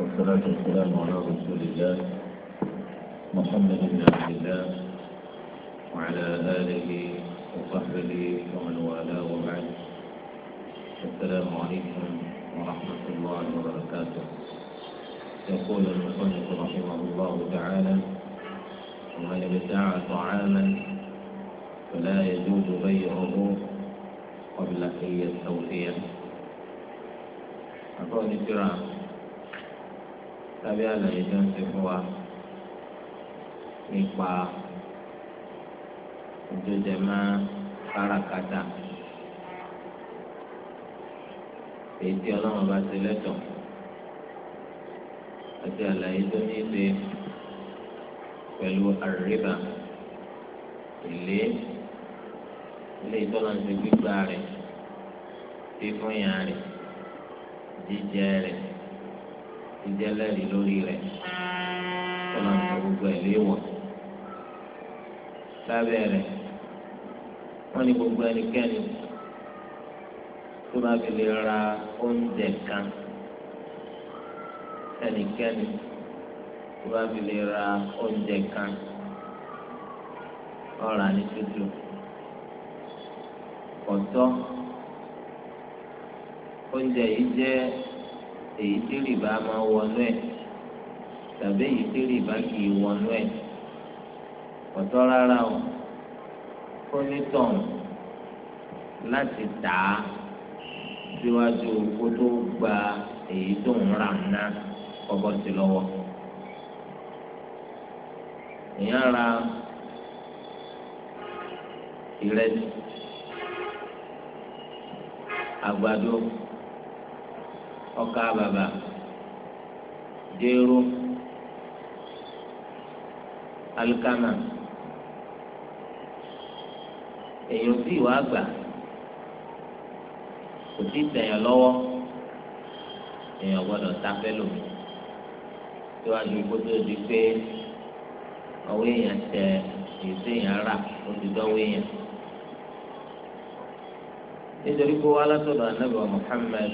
والصلاة والسلام على رسول الله محمد بن عبد الله وعلى آله وصحبه ومن والاه وبعد السلام عليكم ورحمة الله وبركاته يقول المصنف رحمه الله تعالى ومن ابتاع طعاما فلا يجوز بيعه قبل أن يستوفيه أقول الكرام lábẹ́ àlàyé tó ń ṣe fún wa nípa ìjọjẹmọ́ káràkátà èyí tí ọlọ́run bá ṣe lẹ́tọ̀ọ́ àti àlàyé tó ní ṣe pẹ̀lú àríbà èlé ilé ìtọ́lá ń ṣe gbígbà rẹ̀ fífún yàn rẹ̀ jíjẹ rẹ̀ ti jẹ́ lẹ́rìí lórí rẹ̀ kó máa sọ gbogbo ẹ̀ léwọ̀n. lábẹ́ rẹ̀ wọ́n ní gbogbo ẹnikẹ́ni tó bá fi lè ra oúnjẹ kan ẹnikẹ́ni tó bá fi lè ra oúnjẹ kan ọ̀rà ní tútù ọ̀tọ̀ oúnjẹ yìí jẹ́ èyí tí rìbá máa wọnú ẹ̀ tàbí èyí tí rìbá kì í wọnú ẹ̀ ọ̀tọ̀ rárá o fúnitọ̀n láti tà á síwájú kó tó gba èyí tó ń rà ná ọkọ̀ sí lọ́wọ́ èèyàn ra ìrẹsì àgbàdo ọkà bàbà jéró alikama èèyàn sì wá gbà kò sí tẹ̀yàn lọ́wọ́ èèyàn gbọ́dọ̀ sáfẹ́ lòmí síwájú kó tó di pé ọwọ́ èèyàn tẹ èso èèyàn rà ó ti dọ́wọ́ èèyàn nítorí pé wàhálà sọ̀rọ̀ ànábì wa Muhammad.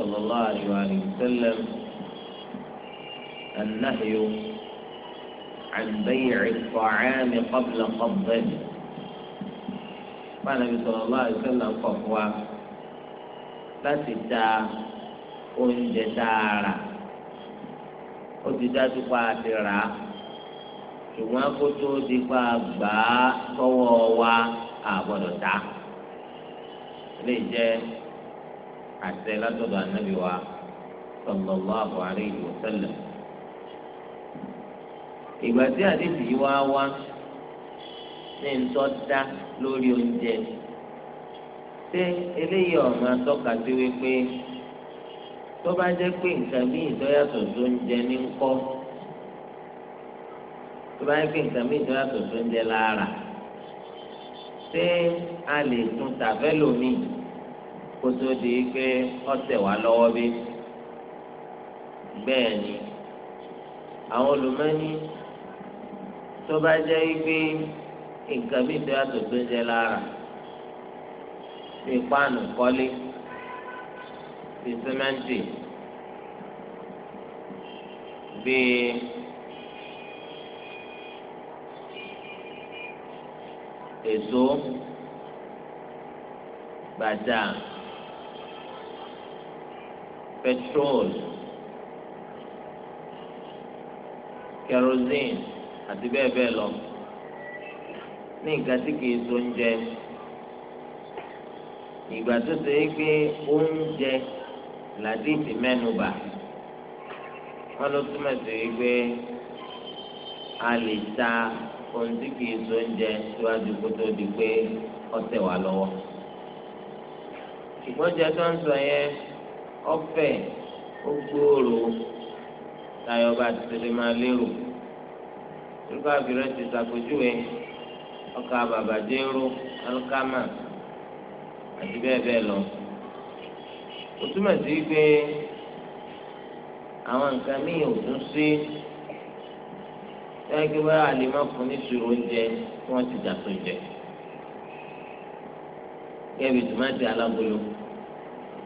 صلى الله عليه وسلم النهي عن بيع الطعام قبل قبضه فالنبي صلى الله عليه وسلم فهو لا تدع oúnjẹ tààrà ó ti dájú pa àti rà á ṣùgbọ́n kó tó di pa gbà tọwọ́ wa àgbọ̀dọ̀ lè jẹ́ àṣẹ látọ̀dọ̀ ànábì wa sallallahu alayhi wa sallam. ìgbà tí àdéhùn yìí wá wá ní ntọ́ dá lórí oúnjẹ ṣé eléyìí ọ̀mọ atọ́ka sí wípé tó bá jẹ́ pé nǹkan bí ìtọ́yàtọ̀ tó ń jẹ ní ńkọ́ tó bá jẹ́ pé nǹkan bí ìtọ́yàtọ̀ tó ń jẹ lára ṣé a lè tún tàfẹ́ lómìn kótó di pé ọ̀sẹ̀ wà lọ́wọ́ bí bẹ́ẹ̀ ni àwọn olùmọ́ni tó bá jẹ́ pé nǹkan bí ìtura tó tó jẹ lára fi páànù kọ́lé fi sẹ́mẹ́ǹtì bí èso bàtà petrol kerosene àti bẹ́ẹ̀ bẹ́ẹ̀ lọ ní nǹkan tí kìí so oúnjẹ ìgbà tó ṣe é pé oúnjẹ làdíìtì mẹ́nubà wọ́n ló túmọ̀ sí pé a lè ta ohun tí kìí so oúnjẹ síwájú kó tó di pé ọ̀tẹ̀ wà lọ́wọ́ ṣùgbọ́n tó ń sọ yẹn ọ̀fẹ́ ó gbòòrò táyọ̀ bá ti tẹ̀lé máa lérò olùkọ́ àbírẹ́ ti ṣàpèjúwe ọkà bàbàdéró alukama àti bẹ́ẹ̀ bẹ́ẹ̀ lọ. ó túmọ̀ sí pé àwọn nǹkan míì ò tún sí bẹ́ẹ̀ kí wọ́n á lè má fún nítorí oúnjẹ tí wọ́n ti dà tó jẹ. kẹ́bi tòmátì alágolo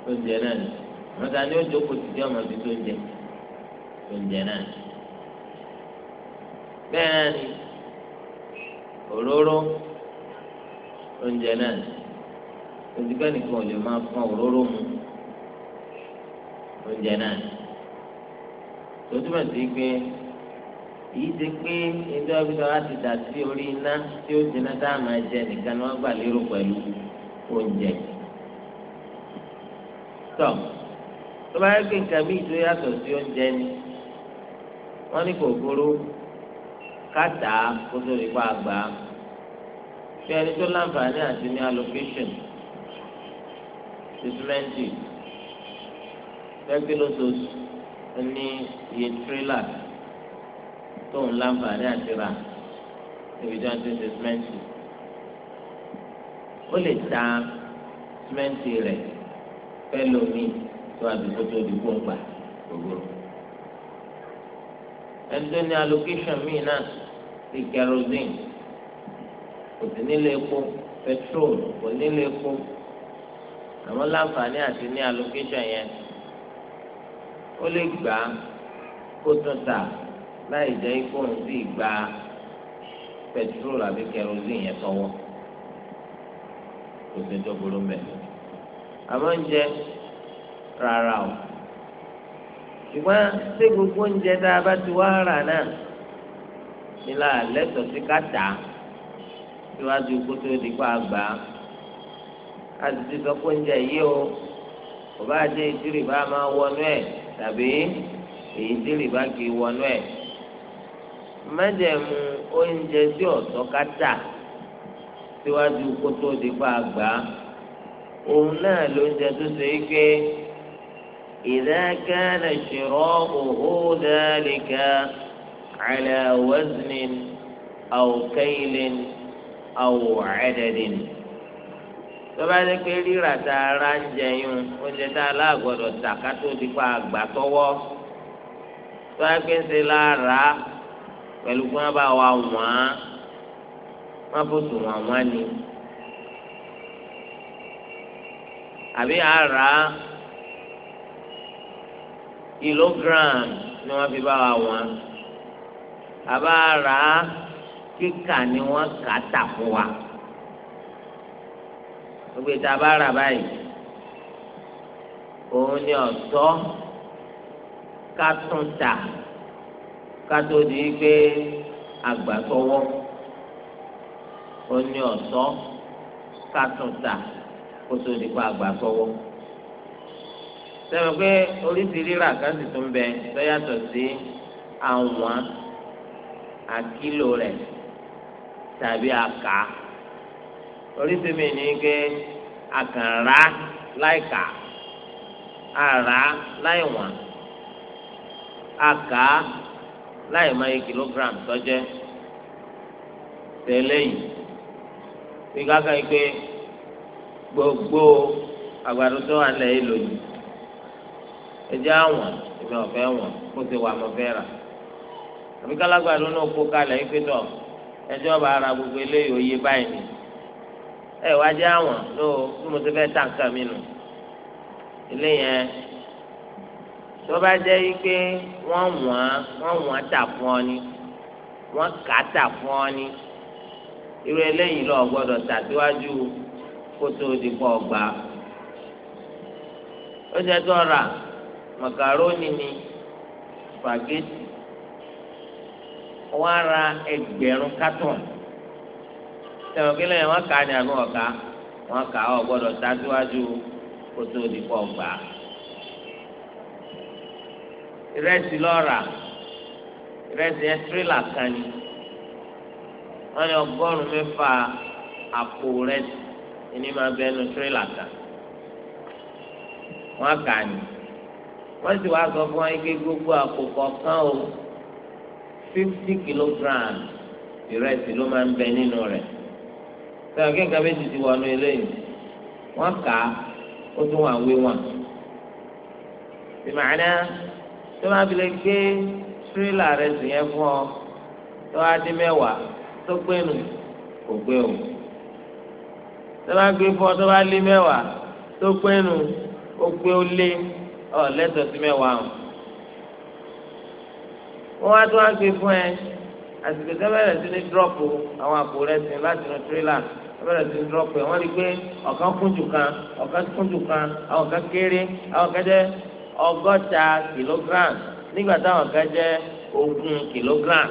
oúnjẹ náà nìyí àwọn ta ni ó jókòó ti di ọmọ ibi tó ń jẹ tó ń jẹ náà bẹ́ẹ̀ ni òróró oúnjẹ náà òtítọ́ nìkan ò lè máa fún òróró mu oúnjẹ náà tó túmọ̀ sí pé èyí ti pé ẹjọ́ ìbísọ̀ láti dà sí orí iná tí ó jiná tá a máa jẹ nìkan ni wọ́n gbà lérò pẹ̀lú oúnjẹ. So tó bá yẹ kí nǹkan míì tó yàtọ̀ sí oúnjẹ ni wọ́n ní kò gbóró káta kó tó lè pa àgbà fi ẹni tó láǹfààní àti ní allocation sísúmẹ́ǹtì fẹ́gbẹ́ lóṣooṣù ní iye tírélà tó ń láǹfààní àti rà níbi tí wọ́n ti ṣe símẹ́ǹtì ó lè ta símẹ́ǹtì rẹ̀ fẹ́ lómi fún àdúgbò tó di kó ń gbà gbogbo. ẹni tó ní allocation míì náà ti kerosene kò sí nílé epo petrol kò nílé epo àwọn láǹfààní àti ní allocation yẹn ó lè gbà kó tún tà láì jẹ́ kó ń sì gba petrol àbí kerosene yẹn tọwọ́ kò sí tó burú mẹ́. àmọ́ ń rárá o ṣùgbọ́n ṣé gbogbo oúnjẹ tá a bá ti wá rà náà nílà lẹ́tọ̀ọ́ sí kàtà síwájú kó tó di pa àgbà a sì ti sọ pé oúnjẹ yìí o kò bá jẹ́ ìdílé bá máa wọnú ẹ̀ tàbí èyí bá kì í wọnú ẹ̀ mẹ́jẹ̀mú oúnjẹ tí ọ̀tọ́ kàtà síwájú kó tó di pa àgbà òun náà lóúnjẹ tó ṣe é pé. إذا كان شراؤه ذلك على وزن أو كيل أو عدد tọ́ba yẹn pé rírà tá a ra ń jẹyún oúnjẹ tá a láàgbọ́dọ̀ tà ká tó di pa àgbà tọ́wọ́ tọ́ba yẹn pé ń ṣe pẹ̀lú kí wọ́n bá wa wọ́n á wọ́n bó wọ́n wọ́n ni àbí àrà kilogram ni wọ́n fi bá wa wọ̀n àbá rà á kíkà ni wọ́n kà á tà fún wa gbogbo ìta bá rà báyìí òun ni ọ̀tọ́ ká tún tà ká tó di pé àgbà sọwọ́ òun ni ọ̀tọ́ ká tún tà kó tó di pé àgbà sọwọ́ sẹ́mi pé oríṣi rírà kan sì tún bẹ sọ́yàtọ̀ sí àwọn àkìlò rẹ̀ tàbí àkà oríṣi mi ní pé àkànrà láìka àrà láìwọ̀n àkà láìmọye kìlógíráàmù tọ́jẹ́ tẹ́lẹ̀ yìí bí kákan pé gbogbo àgbàdo tó wà lẹ́yìn lòdì ẹjẹ́ àwọn ìgbà ọ̀fẹ́ wọn kó ti wà mọ́ fẹ́ rà àbí kálágbàdo náà kó kalẹ̀ yìí pétọ̀ ẹjọ́ bá ara gbogbo eléyìí oyè báyìí ni ẹ wá jẹ́ àwọn ló bí mo ti fẹ́ tà nǹkan mi nù ilé yẹn tó bá jẹ́ yìí pé wọ́n wọ́n wọ́n wọ́n tà fún ọ ni wọ́n kà á tà fún ọ ni irú eléyìí lọ gbọ́dọ̀ tà kó tó di pọ̀ gbà ó jẹ́ tó rà màkàrónì ni spaghetti wọ́n á ra ẹgbẹ̀rún kátọ̀n sẹ́wọ̀n kí lóyún wọ́n kà á ní àbí wọ́n kà á wọ́n kà á ọ̀ gbọ́dọ̀ sáájú kótó òdìpọ̀ gbà á ìrẹsì lọ́ra yẹn tírélà kan ni wọ́n ní ọgọ́rùn-ún àpò rẹsì ìní máa bẹ́ẹ̀ nu kan wọ́n kà ní wọ́n sì wáá sọ fún wa pé gbogbo àpò kọ̀ọ̀kan o fifty kilogram ìrẹsì ló máa ń bẹ nínú rẹ̀ sọ̀rọ̀ kí nǹkan méjì ti wọnú eléyìí wọ́n kà á ó tún wà wé wọn. ìmọ̀lẹ́ tó máa fi lè gbé tírélà rẹ̀ sì yẹn fún ọ tó wá dín mẹ́wàá tó gbé nù kò gbé o tó bá gbé fún ọ tó bá lé mẹ́wàá tó gbé nù ó gbé ó lé ọ lẹ́tọ̀ọ́ sí mẹ́wàá o wọ́n wá tó wá gbé fún ẹ àsìkò tó bẹ̀rẹ̀ sí ní dírọ́pù àwọn àpò rẹ̀ sí láti inú tírélà tó bẹ̀rẹ̀ sí ní dírọ́pù ẹ̀ wọ́n rí i pé ọ̀kan kúnjù kan ọ̀kan kúnjù kan àwọn kan kéré àwọn kan jẹ́ ọgọ́ta kìlógíràn nígbà táwọn kan jẹ́ ogún kìlógíràn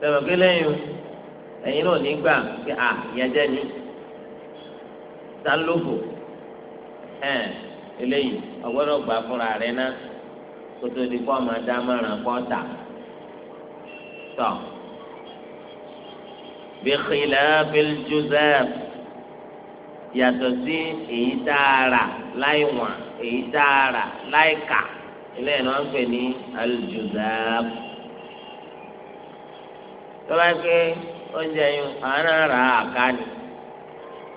tẹ̀wọ̀n pé lẹ́yìn ẹ̀yin náà nígbà pé à ìyẹn jẹ́ ni ta ẹ̀ eléyìí ọgbọ́dọ̀ gbà fúnra rẹ náà kótó di kó ọmọ adá márùn kó tà tọ. bi khilafil juzab yàtọ̀ sí èyí tá a rà láì wọ̀n èyí tá a rà láì kà eléyìí ni wọ́n ń pè ní al-juzab. tọ́lá pé oúnjẹ yìí àwọn ará àká ni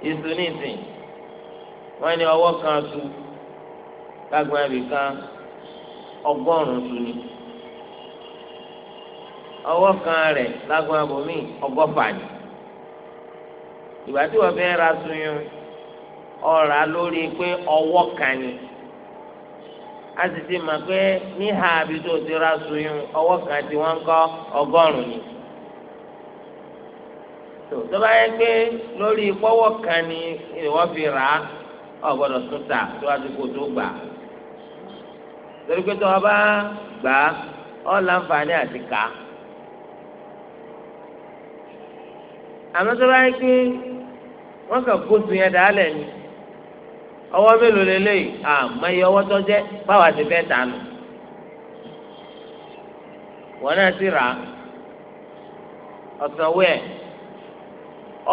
isu nísìnyí wọ́n ní ọwọ́ kan tu lágbọn ibì kan ọgọ́rùn-ún tu ni ọwọ́ kan rẹ̀ lágbọn abòmí ọgọ́fà ni ìgbà tí wọ́n fẹ́ ra suyún ọ̀rà lórí pé ọwọ́ kan ni a sì ti mọ̀ pé níhà àbí tó ti ra suyún ọwọ́ kan tí wọ́n ń kọ́ ni tó bá yẹ pé lórí pọ́wọ́ kan ni wọ́n fi rà á o gbọ́dọ̀ tún tà síwájú kó tó gbà torí pé tó o bá gbà ọ láǹfààní àti kà á. àmọ́ tó bá yẹ pé wọ́n kàn kóso yẹn dà á lẹ̀ ni ọwọ́ mélòó lélẹ́yìí àmọ́ iye ọwọ́ tó jẹ́ báwa ti fẹ́ tà nù. wọ́n náà ti rà á ọ̀sán wẹ̀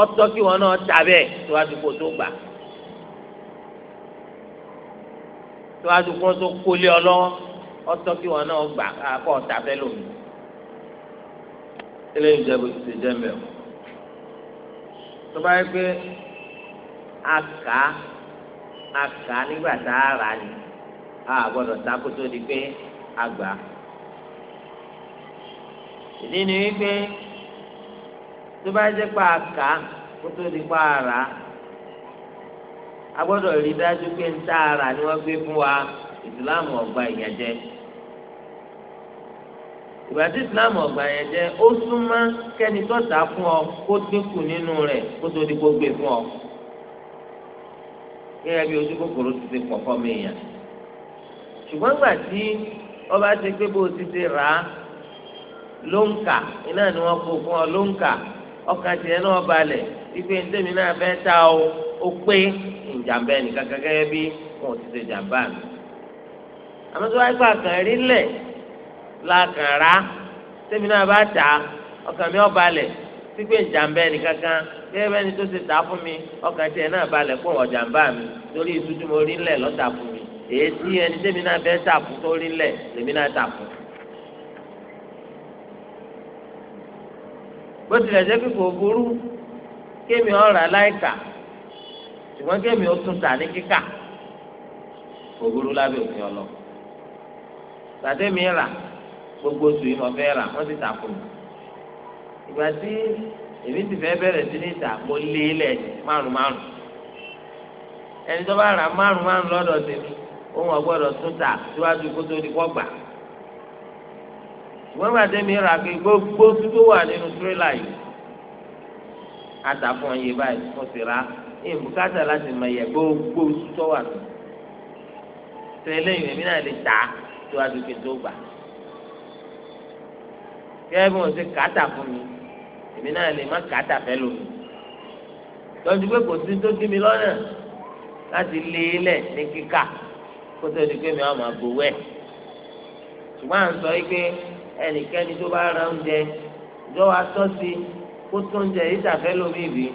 ọ̀tọ́ kí wọ́n náà tà bẹ́ẹ̀ síwájú kó tó gbà á. tó a dùn kó tó kólé ọ lọ́wọ́ ọtọ́ kí wọn náà gbà kó ọ̀tá fẹ́ lómi. eléyìí jẹ́ bó ti ṣe jẹ́ mẹ́rin. tó bá yẹ pé a kà á a kà á nígbà tá a rà ní a gbọ́dọ̀ ta kó tó di pé a gbà á. ìdí ni wípé tó bá jẹ́ pé a kà á kó tó di pé a rà á a gbọ́dọ̀ rí dájú pé ń tá ara ni wọ́n gbé fún wa ìsìláàmù ọgbà ìyẹn jẹ ìgbà tí ìsìláàmù ọgbà ìyẹn jẹ ó súnmọ́ kẹ́ni tó tà fún ọ kó dínkù nínú rẹ̀ kó tó di kó gbé fún ọ gẹ́gẹ́ bí ojú kòkòrò ti ti pọ̀ fọ́mi èèyàn ṣùgbọ́n gbà tí ọba ti pé bó ti ti rà á ló iná ni wọ́n kó fún ọ ló ọkàn tiẹ̀ náà balẹ̀ ipe ntẹ̀mí náà fẹ́ ta o ó pé jàǹbá ẹnìkan gẹ́gẹ́ bí wọn ò ti ṣe jàǹbá mi àmọ́ tó wáyé àkàn rí lẹ̀ lákàn rá náà bá tà á ọkàn mi ẹnìkan kan gẹ́gẹ́ bẹ́ẹ̀ ni tó ṣe tà á fún mi ọkàn tiẹ̀ náà balẹ̀ fún wọn jàǹbá mi torí ìtújú mo rí lẹ̀ lọ́tà fún mi èyí tí ṣùgbọ́n kémi ó tún tà ní kíkà òwúrú lábẹ́ òfin ọlọ tàdémi rà gbogbo oṣù yìí mo fẹ́ rà wọ́n ti tà fún mi ìgbà tí èmi ti fẹ́ bẹ̀rẹ̀ sí ní ìta mo lé e lẹ̀ márùn márùn ẹni tó bá rà márùn márùn lọ́dọ̀ tèmi òun ọ̀gbọ́dọ̀ tún tà síwájú kó tó di kọ́ gbà ìwọ́n bá tèmi rà pé gbogbo tó wà nínú tírélà yìí àtàfún ọ̀yẹ́ báyìí mo sì rà á èyí bùkátà láti mọ ẹ̀yẹ gbogbo oṣù tó wà tó tẹ̀lé ìwé mi náà lè tà á tó a dùkẹ́ tó gbà kẹ́ẹ́ bí wọ́n ṣe kàtà fún mi èmi náà lè má kàtà fẹ́ lómi lọ́dún pé kò sí tó dí mi lọ́nà láti lé e lẹ̀ ní kíkà kó tó di pé mi àwọn máa gbowó ẹ̀ ṣùgbọ́n à ń sọ pé ẹnikẹ́ni tó bá ra oúnjẹ ìjọ wa kó tó oúnjẹ yìí tàfẹ́ lómi ìbí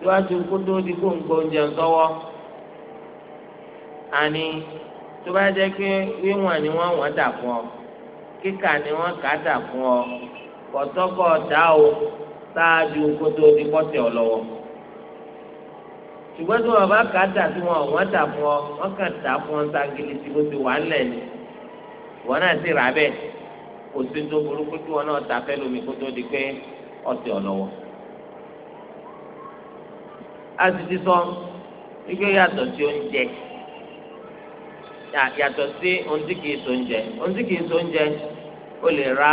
síwájú kó di kó ń gbọ́ oúnjẹ sọ́wọ́ àní tó bá jẹ́ pé wíwọ̀n ni wọ́n wọ́n dà fún ọ kíkà ni wọ́n kà dà fún ọ kọ̀tọ́kọ̀ dá o ṣáájú kó di kọ́tẹ̀ ọ lọ́wọ́ ṣùgbọ́n tí wọ́n bá kà dà sí wọn wọ́n dà fún ọ wọ́n kàn dà fún ọ ságili tí ó ti wà ńlẹ̀ ni wọ́n náà sì rà bẹ́ẹ̀ kò sí tó burúkú tí wọ́n náà ta fẹ́ lómi kó di pé ọ̀tẹ̀ ọ lọ́wọ́ asìtì sọ wípé yàtọ̀ sí oúnjẹ yàtọ̀ sí ohun tí kìí so oúnjẹ ohun tí kìí so oúnjẹ o lè ra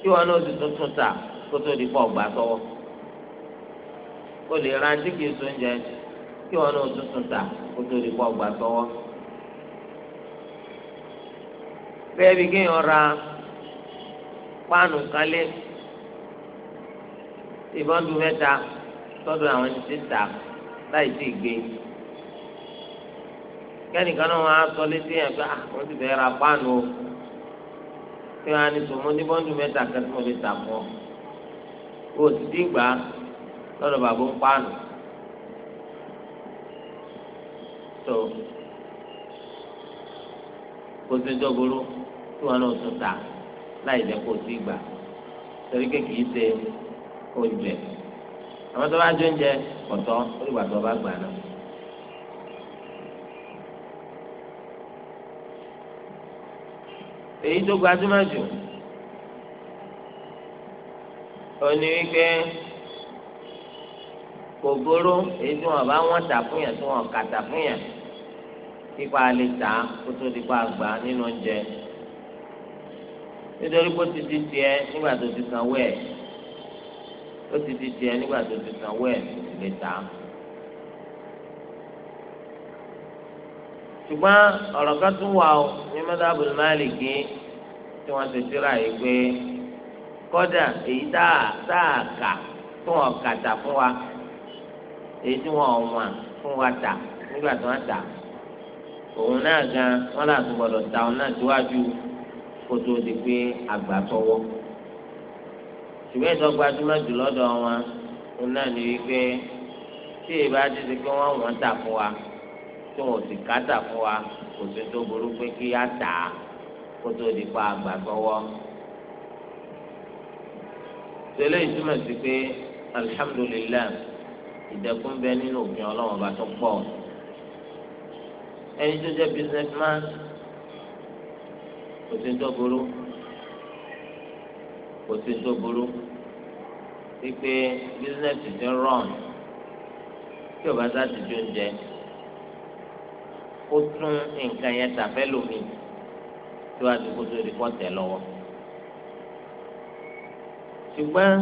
kí wọn náà ti tuntun ta kó tó di pọ̀ gbà sọ́wọ́ o lè ra ohun tí kìí so oúnjẹ kí wọn náà tuntun ta kó tó di pọ̀ gbà sọ́wọ́ bẹ́ẹ̀ bí kéèyàn ra páànù kálé ìbọn dùn mẹ́ta tọ́dọ̀ àwọn ti ta láì sí ìgbé kẹ́nìkan náà wọ́n á sọ létí yẹn pé àwọn ah, ti fẹ́ ra páànù o tí wọ́n á ní sọmọ ní bọ́ńdù mẹ́ta kẹ́tí mo lè tà fún ọ kó o ti dín gbà lọ́dọ̀ bàbá ń páànù tó kó o ti dọ́gboro tí wọ́n náà tún ta láì jẹ́ kó o ti gbà torí kékeré ṣe oúnjẹ àwọn tó bá jẹ oúnjẹ kọtọ olùgbà tó bá gbà náà. èyí tó gbajúmọ̀ jù òní wípé kògbóró èyí tí wọn bá wọn tà fún yàn tí wọn kà tà fún yàn kípa lè tà kó tó di pa gbà nínú oúnjẹ nítorí pé ó ti di tiẹ̀ nígbà tó ti sanwó ẹ̀ ó ti di tiẹ̀ nígbà tó ti sanwó ẹ̀ lè tà á. ṣùgbọ́n ọ̀rọ̀ kan tún wà ó ní mọ́tàbù Málìkì tí wọ́n ti síra yìí pé kọ́dà èyí tá a kà tí wọ́n kà tà fún wa èyí tí wọ́n wà fún wa tà nígbà tí wọ́n tà òun náà gan wọ́n là tún gbọ́dọ̀ ta òun náà síwájú kó tó di pé àgbà tọwọ́ ṣùgbọ́n ìdọ́gba tó má jù lọ́dọ̀ wọn òun náà ní wípé tí ìbá ti di pé wọ́n wọ́n tà fún wa tí wọ́n sì ká tà fún wa kò sí tó burú pé kí á tà á kó tó di pa àgbà gbọ́wọ́. tẹ́lẹ̀ ìtumọ̀ sí pé alihamudulilayi ìdẹ́kun bẹ nínú òfin ọlọ́run ọba tó pọ̀ ẹni tó jẹ́ businessman kò sí tó burú kò sí tó burú wípé bísínẹ́sì ti ń rọ̀n tí o bá sá ti jó oúnjẹ ó tún nǹkan yẹn tàfẹ́ lómi tí wàá dúró tó di pọ́tẹ́ lọ́wọ́. ṣùgbọ́n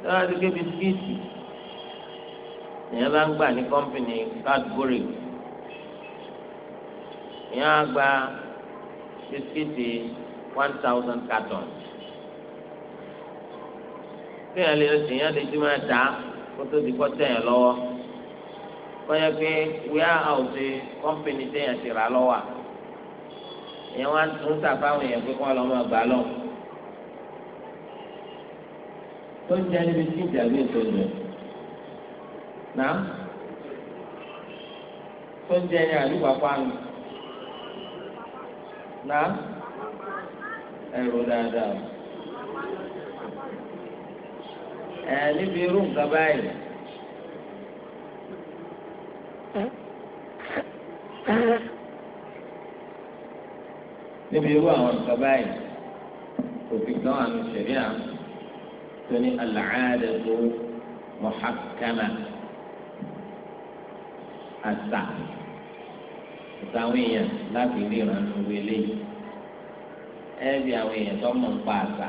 tí wàá dúró bisikíìtì ìyẹn bá ń gbà ní kọ́mpìnì Cadbury ìyẹn á gba bisikíìtì one thousand cartons kéèyàn lè sìn yẹn lè jùmọ̀ dá kó tó di kọ́ tẹ̀yàn lọ́wọ́ kọ́nyẹ pé wíyá àwùjọ kọ́mpìnì tẹ̀yàn ti rà lọ́wọ́ èèyàn wá ń tà fáwọn èèyàn pé kọ́ ọ lọ́mọ gbà lọ. tó ń jẹ́ níbi tí ìjà bíi tó lè nà tó ń jẹ́ ní àdúgbò fáwọn nà ẹ̀rọ dáadáa ẹ níbi irú nǹkan báyìí. níbi irú àwọn nǹkan báyìí òfin kan wà ní sẹ̀ríà tó ní al-'adatu muhakkama àṣà àtàwọn èèyàn láti ríran lórí eléyìí ẹ bí àwọn èèyàn tó mọ̀ ń pa àṣà.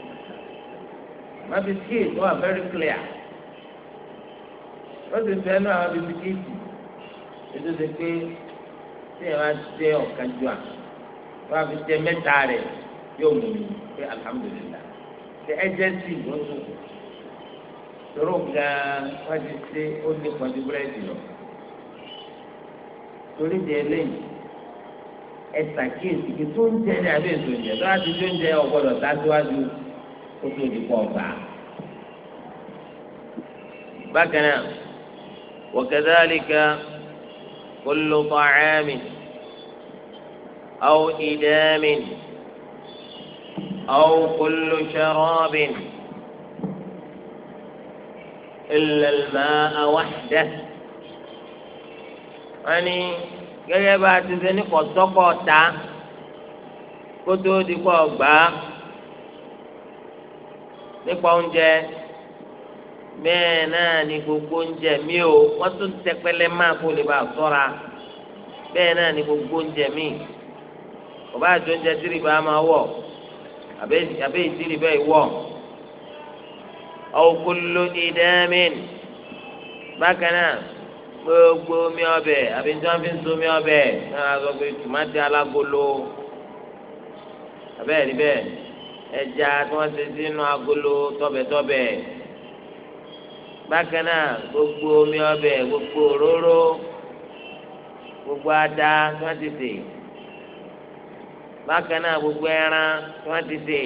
àwọn bisikíìtì wà very clear ó sì fẹ́ nú àwọn bisikíìtì ètò ṣe pé tí ẹ bá jẹ ọ̀kan jù à wọ́n á fi jẹ mẹ́ta rẹ̀ yóò mú mi pé alhamdulilah ṣe ẹjẹ sí ló tún kù tóró gan wọ́n ti ṣe ó ní pọ̀jù búrẹ́dì lọ torí di eléyìí ẹ ṣàkíyèsí kí tó ń jẹ ní abẹ́ ètò ìjẹ́ tó láti tó ń jẹ ọ̀gbọ́dọ̀ dájúwájú kó tó di kọ́ gbà. bákan náà wakadhalika kullu ta'amin aw idamin aw kullu sharabin illa al-ma'a wahdah wọ́n ní gẹ́gẹ́ bá a ti ṣe ní kọ̀tọ́kọ̀ ta kó di kọ́ gbà nípa oúnjẹ bẹ́ẹ̀ náà ni gbogbo oúnjẹ mi o wọ́n tún tẹpẹlẹ máa kó lè bá a sọ́ra bẹ́ẹ̀ náà ni gbogbo oúnjẹ mi kò bá àjọ oúnjẹ tìrì bá a máa wọ̀ àbẹ́ ìtìrì bẹ́ẹ̀ wọ̀ ọ̀kúlù ìdẹ́mìn bákan náà gbogbo omi ọbẹ̀ àbí tí wọ́n fi ń so omi ọbẹ̀ náà a sọ pé tòmátì alágolo àbẹ́ẹ̀ rí bẹ́ẹ̀ ẹja tí wọ́n ṣe sínú agolo tọ́bẹ̀tọ́bẹ̀ bákan náà gbogbo omi ọbẹ̀ gbogbo òróró gbogbo ada tí wọ́n ti sè bákan náà gbogbo ẹran tí wọ́n ti sè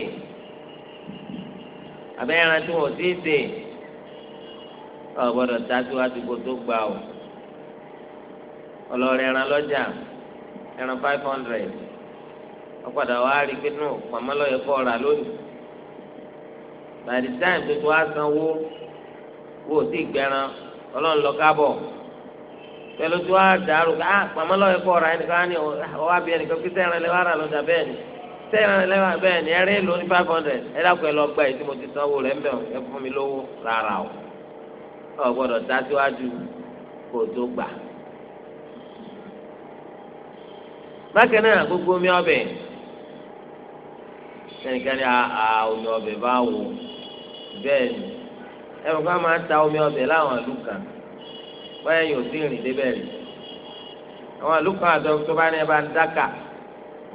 abẹ́ ẹran tí wọ́n ti sè ọ gbọ́dọ̀ ta tí wọ́n ti tó gbà o ọlọ́ọ̀rẹ́ ẹran lọ́jà ẹran five hundred wọ́n padà wá rí i pé nù màmá lọ́yẹ̀ kọ́ ọ̀rà lónìí by the time tó tó wá sanwó wò sí ìgbẹ́ran ọlọ́run lọ kábọ̀ pẹ̀lú tó wá dàrú ká ah, màmá lọ́yẹ̀ kọ́ ọ̀rà ẹnìkan á ní ah, ọwá bí ẹnìkan pé sẹ́ran lẹ́wọ́ ara lọ́jà bẹ́ẹ̀ ni sẹ́ran lẹ́wọ́ bẹ́ẹ̀ ni ẹ̀rín ló ní five hundred ẹ dákun ẹ lọ gba èyí tí mo ti sanwó rẹ̀ ń bẹ̀ ẹ fún mi lówó rárá o ọ gbọ́dọ̀ dá síwájú kó o tó gbà bákan náà gbogbo mi ọbẹ̀ ẹnìkan ní omi ọbẹ̀ bá wò bẹ́ẹ̀ ni ẹ̀rù kan máa ń ta omi ọbẹ̀ láwọn ìlú kan wọ́n yẹn yóò sí ìrìn débẹ̀ rí àwọn ìlú kan àti ọ̀tọ́ bá ní ẹ bá ń dákà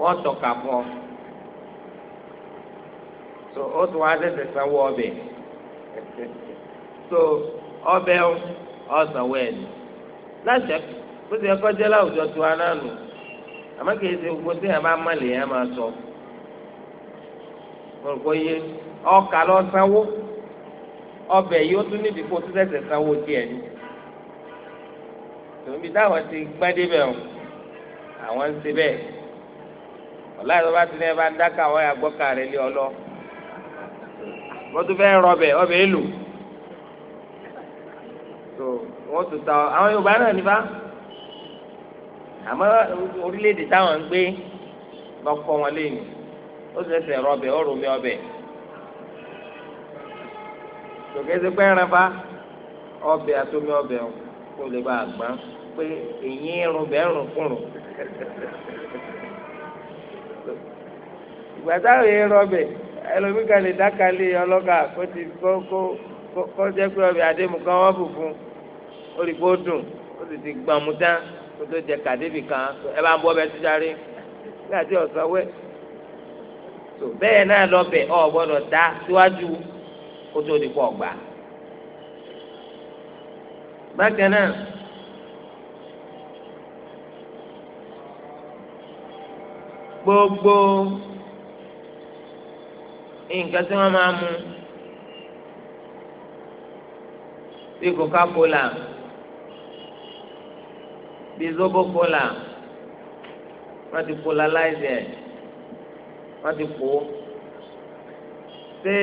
wọ́n tọ̀ka fún ọ so ó tún wá tẹ̀sẹ̀ sanwó ọbẹ̀ so ọbẹ̀ ọ̀sánwó ẹ̀ ní láṣẹ bó ti ẹ kọjá láwùjọ tó wa náà àmọ́ kìí ṣe gbogbo tí ẹ bá mọ̀ lè máa sọ. So gbogbo yé ọkà lọ sanwó ọbẹ̀ yìí ó tún níbi kó tún sẹ̀sẹ̀ sanwó díẹ̀ ni tòun bí táwọn ti pẹ́ débẹ̀ o àwọn ń ṣe bẹ́ẹ̀ ọ̀la ìjọba ti ní ẹ bá ń dáka àwọn àgbọ̀kà rẹ̀ lé ọ lọ wọ́n tún fẹ́ rọbẹ̀ ọbẹ̀ èlò tó wọ́n tún ta àwọn Yorùbá náà nípa àmọ́ orílẹ̀-èdè táwọn ń gbé lọ́kọ́ wọn lẹ́yìn ó sì fẹsẹ̀ rọbẹ ó rùmí ọbẹ tòkè ti pẹ́ rẹ́fà ọbẹ̀ àtomi ọbẹ̀ kó lè bá a gbọ́n pé èyí irun bẹ́ẹ̀ rùn kùrùn ìgbà táwọn èyí rọbẹ̀ ẹlòmíì kan lè dákàlẹ̀ ọlọ́kà kó ti kó kó kó jẹ́ pé ọbẹ̀ àdémùkan wọ́n bù fún ó dùn ó sì ti gbàmù tán kó tó jẹ kàdébì kan ẹ bá ń bọ́ ọbẹ̀ tó járe ní àti ọ̀sán wẹ́ẹ́. tó bẹ́ẹ̀ náà lọ́bẹ̀ ọ̀ gbọ́dọ̀ dá síwájú kó tó di pọ̀ gbà. bákan náà gbogbo nǹkan tí wọ́n máa mú bí coca polarize wọ́n ti kó ṣé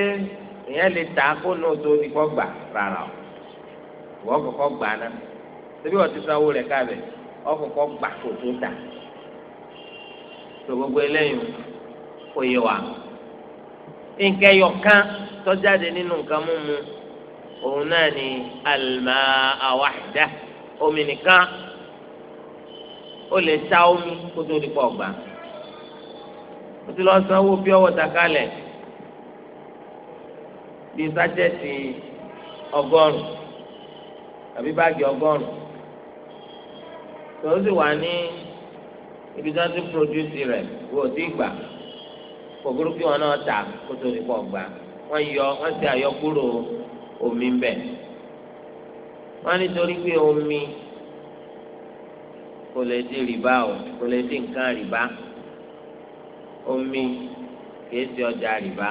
èèyàn lè tà á kó nù tó ti kọ́ gbà rárá o wọ́n kọ́kọ́ gbà náà ṣébí wọ́n ti sanwó rẹ̀ káàbẹ̀ wọ́n kọ́kọ́ gbà kó tó tà tó gbogbo eléyìí kò yé wa nǹkan ẹyọ kan nínú nǹkan mímu òun náà ni al-ma'a wahda omi nìkan ó lè ta omi kó tó di pọ̀ gbà ó ti lọ sanwó bí ọwọ́ takalẹ̀ bíi sájẹ́tì ọgọ́rùn àbí báàgì ọgọ́rùn tó sì wà ní ibi tí wọ́n ti produce rẹ̀ wò ó ti gbà kò burú kí wọn náà tà kó tó ní pọ̀ gbà wọ́n yọ wọ́n ti àyọkúrò omi bẹ̀ wọ́n nítorí pé omi kò lè di rìbá o kò lè di nǹkan rìbá omi kìí ṣe ọjà rìbá.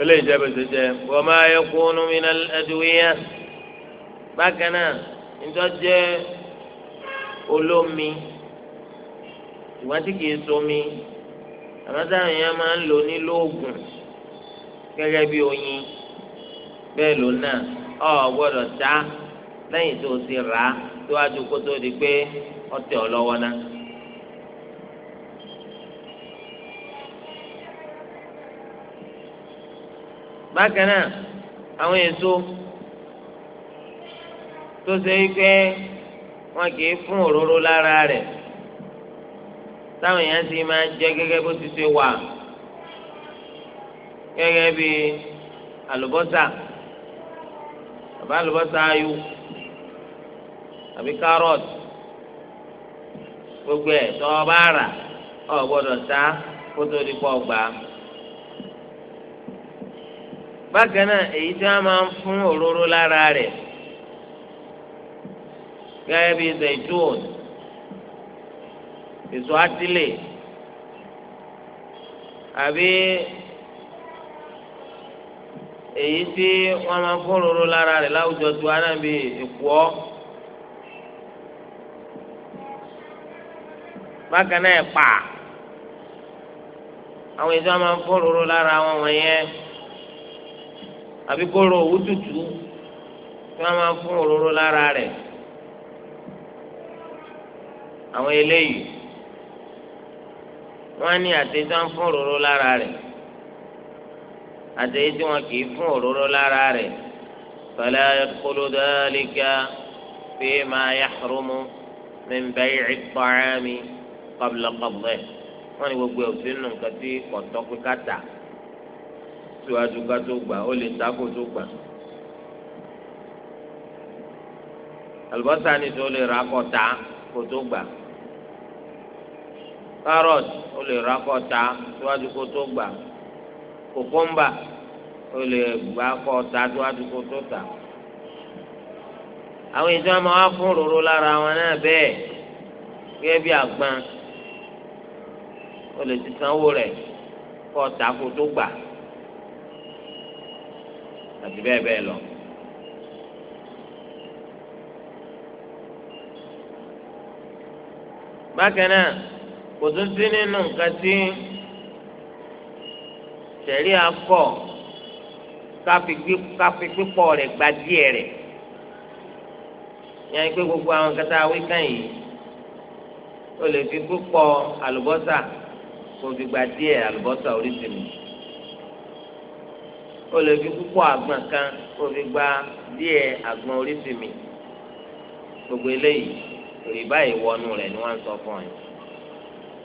ilé ìjẹba ìṣẹ̀ṣẹ̀ wọ́n máa yẹ kó numina ẹ̀dùnúyà bákan náà ntọ́jẹ́ olómi ìwọ́n tí kìí somi àwọn táwọn yẹn máa ń lò ní lóògùn gẹ́gẹ́ bí oyin bẹ́ẹ̀ ló náà ọ̀ gbọ́dọ̀ ta lẹ́yìn tó ti rà á síwájú kó tó di pé ọ̀tẹ̀ ọ lọ́wọ́ náà. bákan náà àwọn èso tó ṣe wípé wọn kì í fún òróró lára rẹ̀ táwọn èèyàn sì máa jẹ gẹ́gẹ́ bó ti ṣe wà gẹ́gẹ́ bí àlùbọ́sà àbá àlùbọ́sà ayú àbí kárọ̀tì gbogbo ẹ̀ tọ́ ọ bá rà ọ gbọ́dọ̀ ta kó tó di pọ̀ gbà á bákan náà èyí tí wọ́n máa ń fún òróró lára rẹ̀ gẹ́gẹ́ bíi zaitun èso atilé àbí èyí tí wọ́n máa ń fún òróró lára rẹ̀ láwùjọ tó wá náà bíi èkó bákan náà ẹ̀pà àwọn èso wọ́n máa ń fún òróró lára wọn wọ̀nyẹn àbí kó rọ owó tútù tí wọ́n máa fún òróró lára rẹ̀ àwọn eléyìí wọ́n ní àtẹ̀yí tí wọ́n fún òróró lára rẹ̀ àtẹ̀yí tí wọ́n kì í fún òróró lára rẹ̀ fala yadkhulu dhalika fima yahrumu min bay'i at-ta'ami qabla qabdihi wọ́n ní gbogbo òsínú nǹkan tí kọ̀tọ́ pé ká tà síwájú ká tó gbà ó lè ta kó tó gbà. àlùbọ́sà ni tó lè ra kọ́ ta kó tó gbà. kárọ̀t ó lè ra kọ́ ta síwájú kó tó gbà. kòkómbà ó lè gbà kọ́ ta síwájú kó tó ta. àwọn ìjọba máa wá fún òróró lára wọn náà bẹ́ẹ̀ gẹ́gẹ́ bí àgbọn ó lè ti sanwó rẹ̀ kọ́ kó tó gbà àti bẹ́ẹ̀ bẹ́ẹ̀ lọ. bákan náà kò tún sí nínú nǹkan tí sẹ̀rí akọ káfi pípọ̀ rẹ̀ gba díẹ̀ rẹ̀ yẹn pé gbogbo àwọn kẹta wíkàn yìí o lè fi pípọ̀ àlùbọ́sà kò fi gba díẹ̀ àlùbọ́sà oríṣiríṣi o lè fi púpọ̀ àgbọn kan kó fi gba díẹ̀ àgbọn oríṣi mi gbogbo eléyìí rìbá ìwọnú rẹ̀ ni wọ́n sọ fún ẹ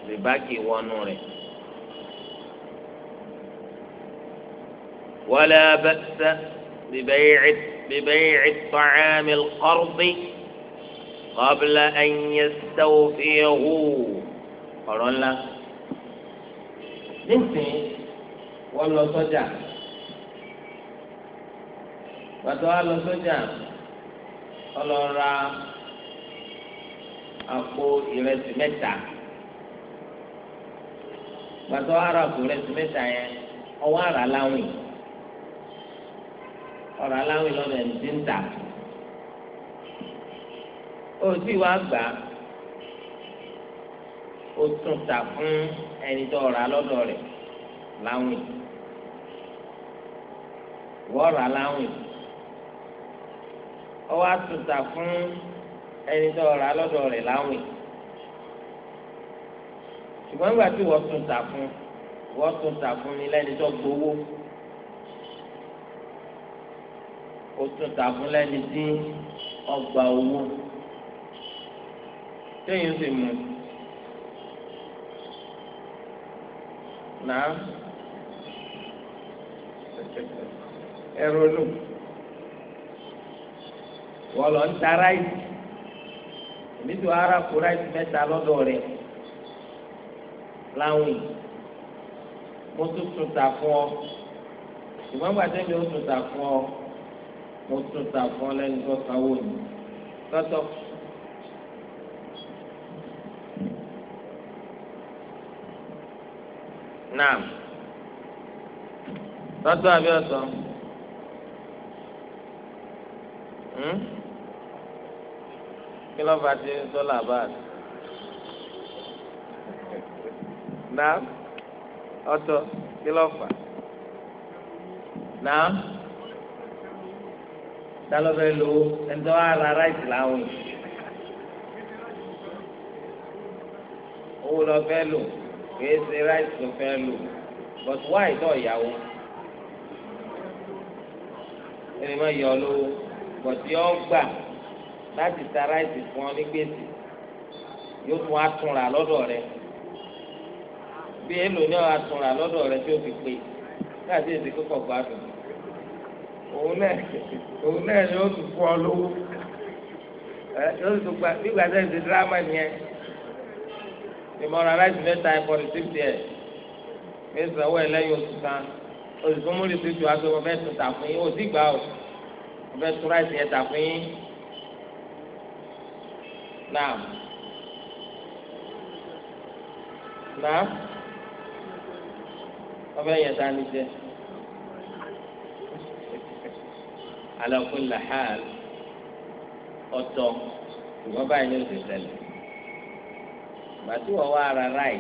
rìbá kì í wọnú rẹ̀. ولا بأس ببيع ببيع الطعام القرض قبل أن يستوفيه ọ̀rọ̀ ńlá. nísìnyí wọ́n صدق pàtó wa lọ sójà ọlọ́ra àpò ìrẹsì mẹ́ta pàtó wa ra àpò ìrẹsì mẹ́ta yẹn ọwọ́ àrà láwìn ọ̀rọ̀ aláwìn lọ́dọ̀ ẹni tí ń tà ó sì wá gbà ó tún tà fún ẹni tó ọ̀rọ̀ alọ́dọ̀ rẹ̀ láwìn wọ́ọ̀rọ̀ aláwìn ọwọ́ àtúntà fún ẹni tó rà lọ́dọ̀ rẹ̀ láwìn ṣùgbọ́n nígbà tí wọ́n tún tà fún wọ́n tún tà fún ni lẹ́ni tó gbowó ó tún tà fún lẹ́ni tí ọgbà owó téèyàn sì mú náà ẹ̀rọ lò wọ́n lọ ń ta ráìsì èmi tó ara kó ráìsì mẹ́ta lọ́dọ̀ rẹ̀ láwìn mo tún tún ta fún ọ ṣùgbọ́n gbàdé mi ó tún ta fún ọ mo tún ta fún ọ lẹ́nu tó sanwó ni lọ́tọ̀. naam lọ́tọ̀ àbí ọ̀tọ̀. Hmm? kí ló fà ti ń sọ́là báàsì. náà ọ̀tọ̀ kí ló fà náà dalọ́fẹ́ lo ẹ̀ńtọ́ ara ráìtì láwùn owó lọ fẹ́ lò kìí ṣe ráìtì lọ fẹ́ lò but why tọ̀ ìyàwó ẹni máa yọ lówó but yọ gbà láti ta ráìsì fún ọ ní gbèsè yóò tún atúnra lọ́dọ̀ rẹ bí èlò ní ọ atúnra lọ́dọ̀ rẹ tí ó fi pè láti èsì kíkọ̀ gbádùn òun náà òun náà ni ó tún fún ọ lówó ẹ yóò tún gba nígbà tẹ́ ẹ ti dírámà nìyẹn ìmọ̀ràn aláìsí mẹ́ta ẹ̀kọ́ ní síbi ẹ̀ mẹ́sàn-án owó ẹ̀ lẹ́yìn oṣù kan oṣù tó múlẹ̀ tó ju aṣọ ọmọ fẹ́ tún tà fún yín ó sì gbà ó ọmọ fẹ́ ráìsì yẹn tà fún yín. نعم نعم ọba yẹn ta ni jẹ hal ọ̀tọ̀ báyìí ní oṣù tẹ́lẹ̀ gbàtí wá ara ráì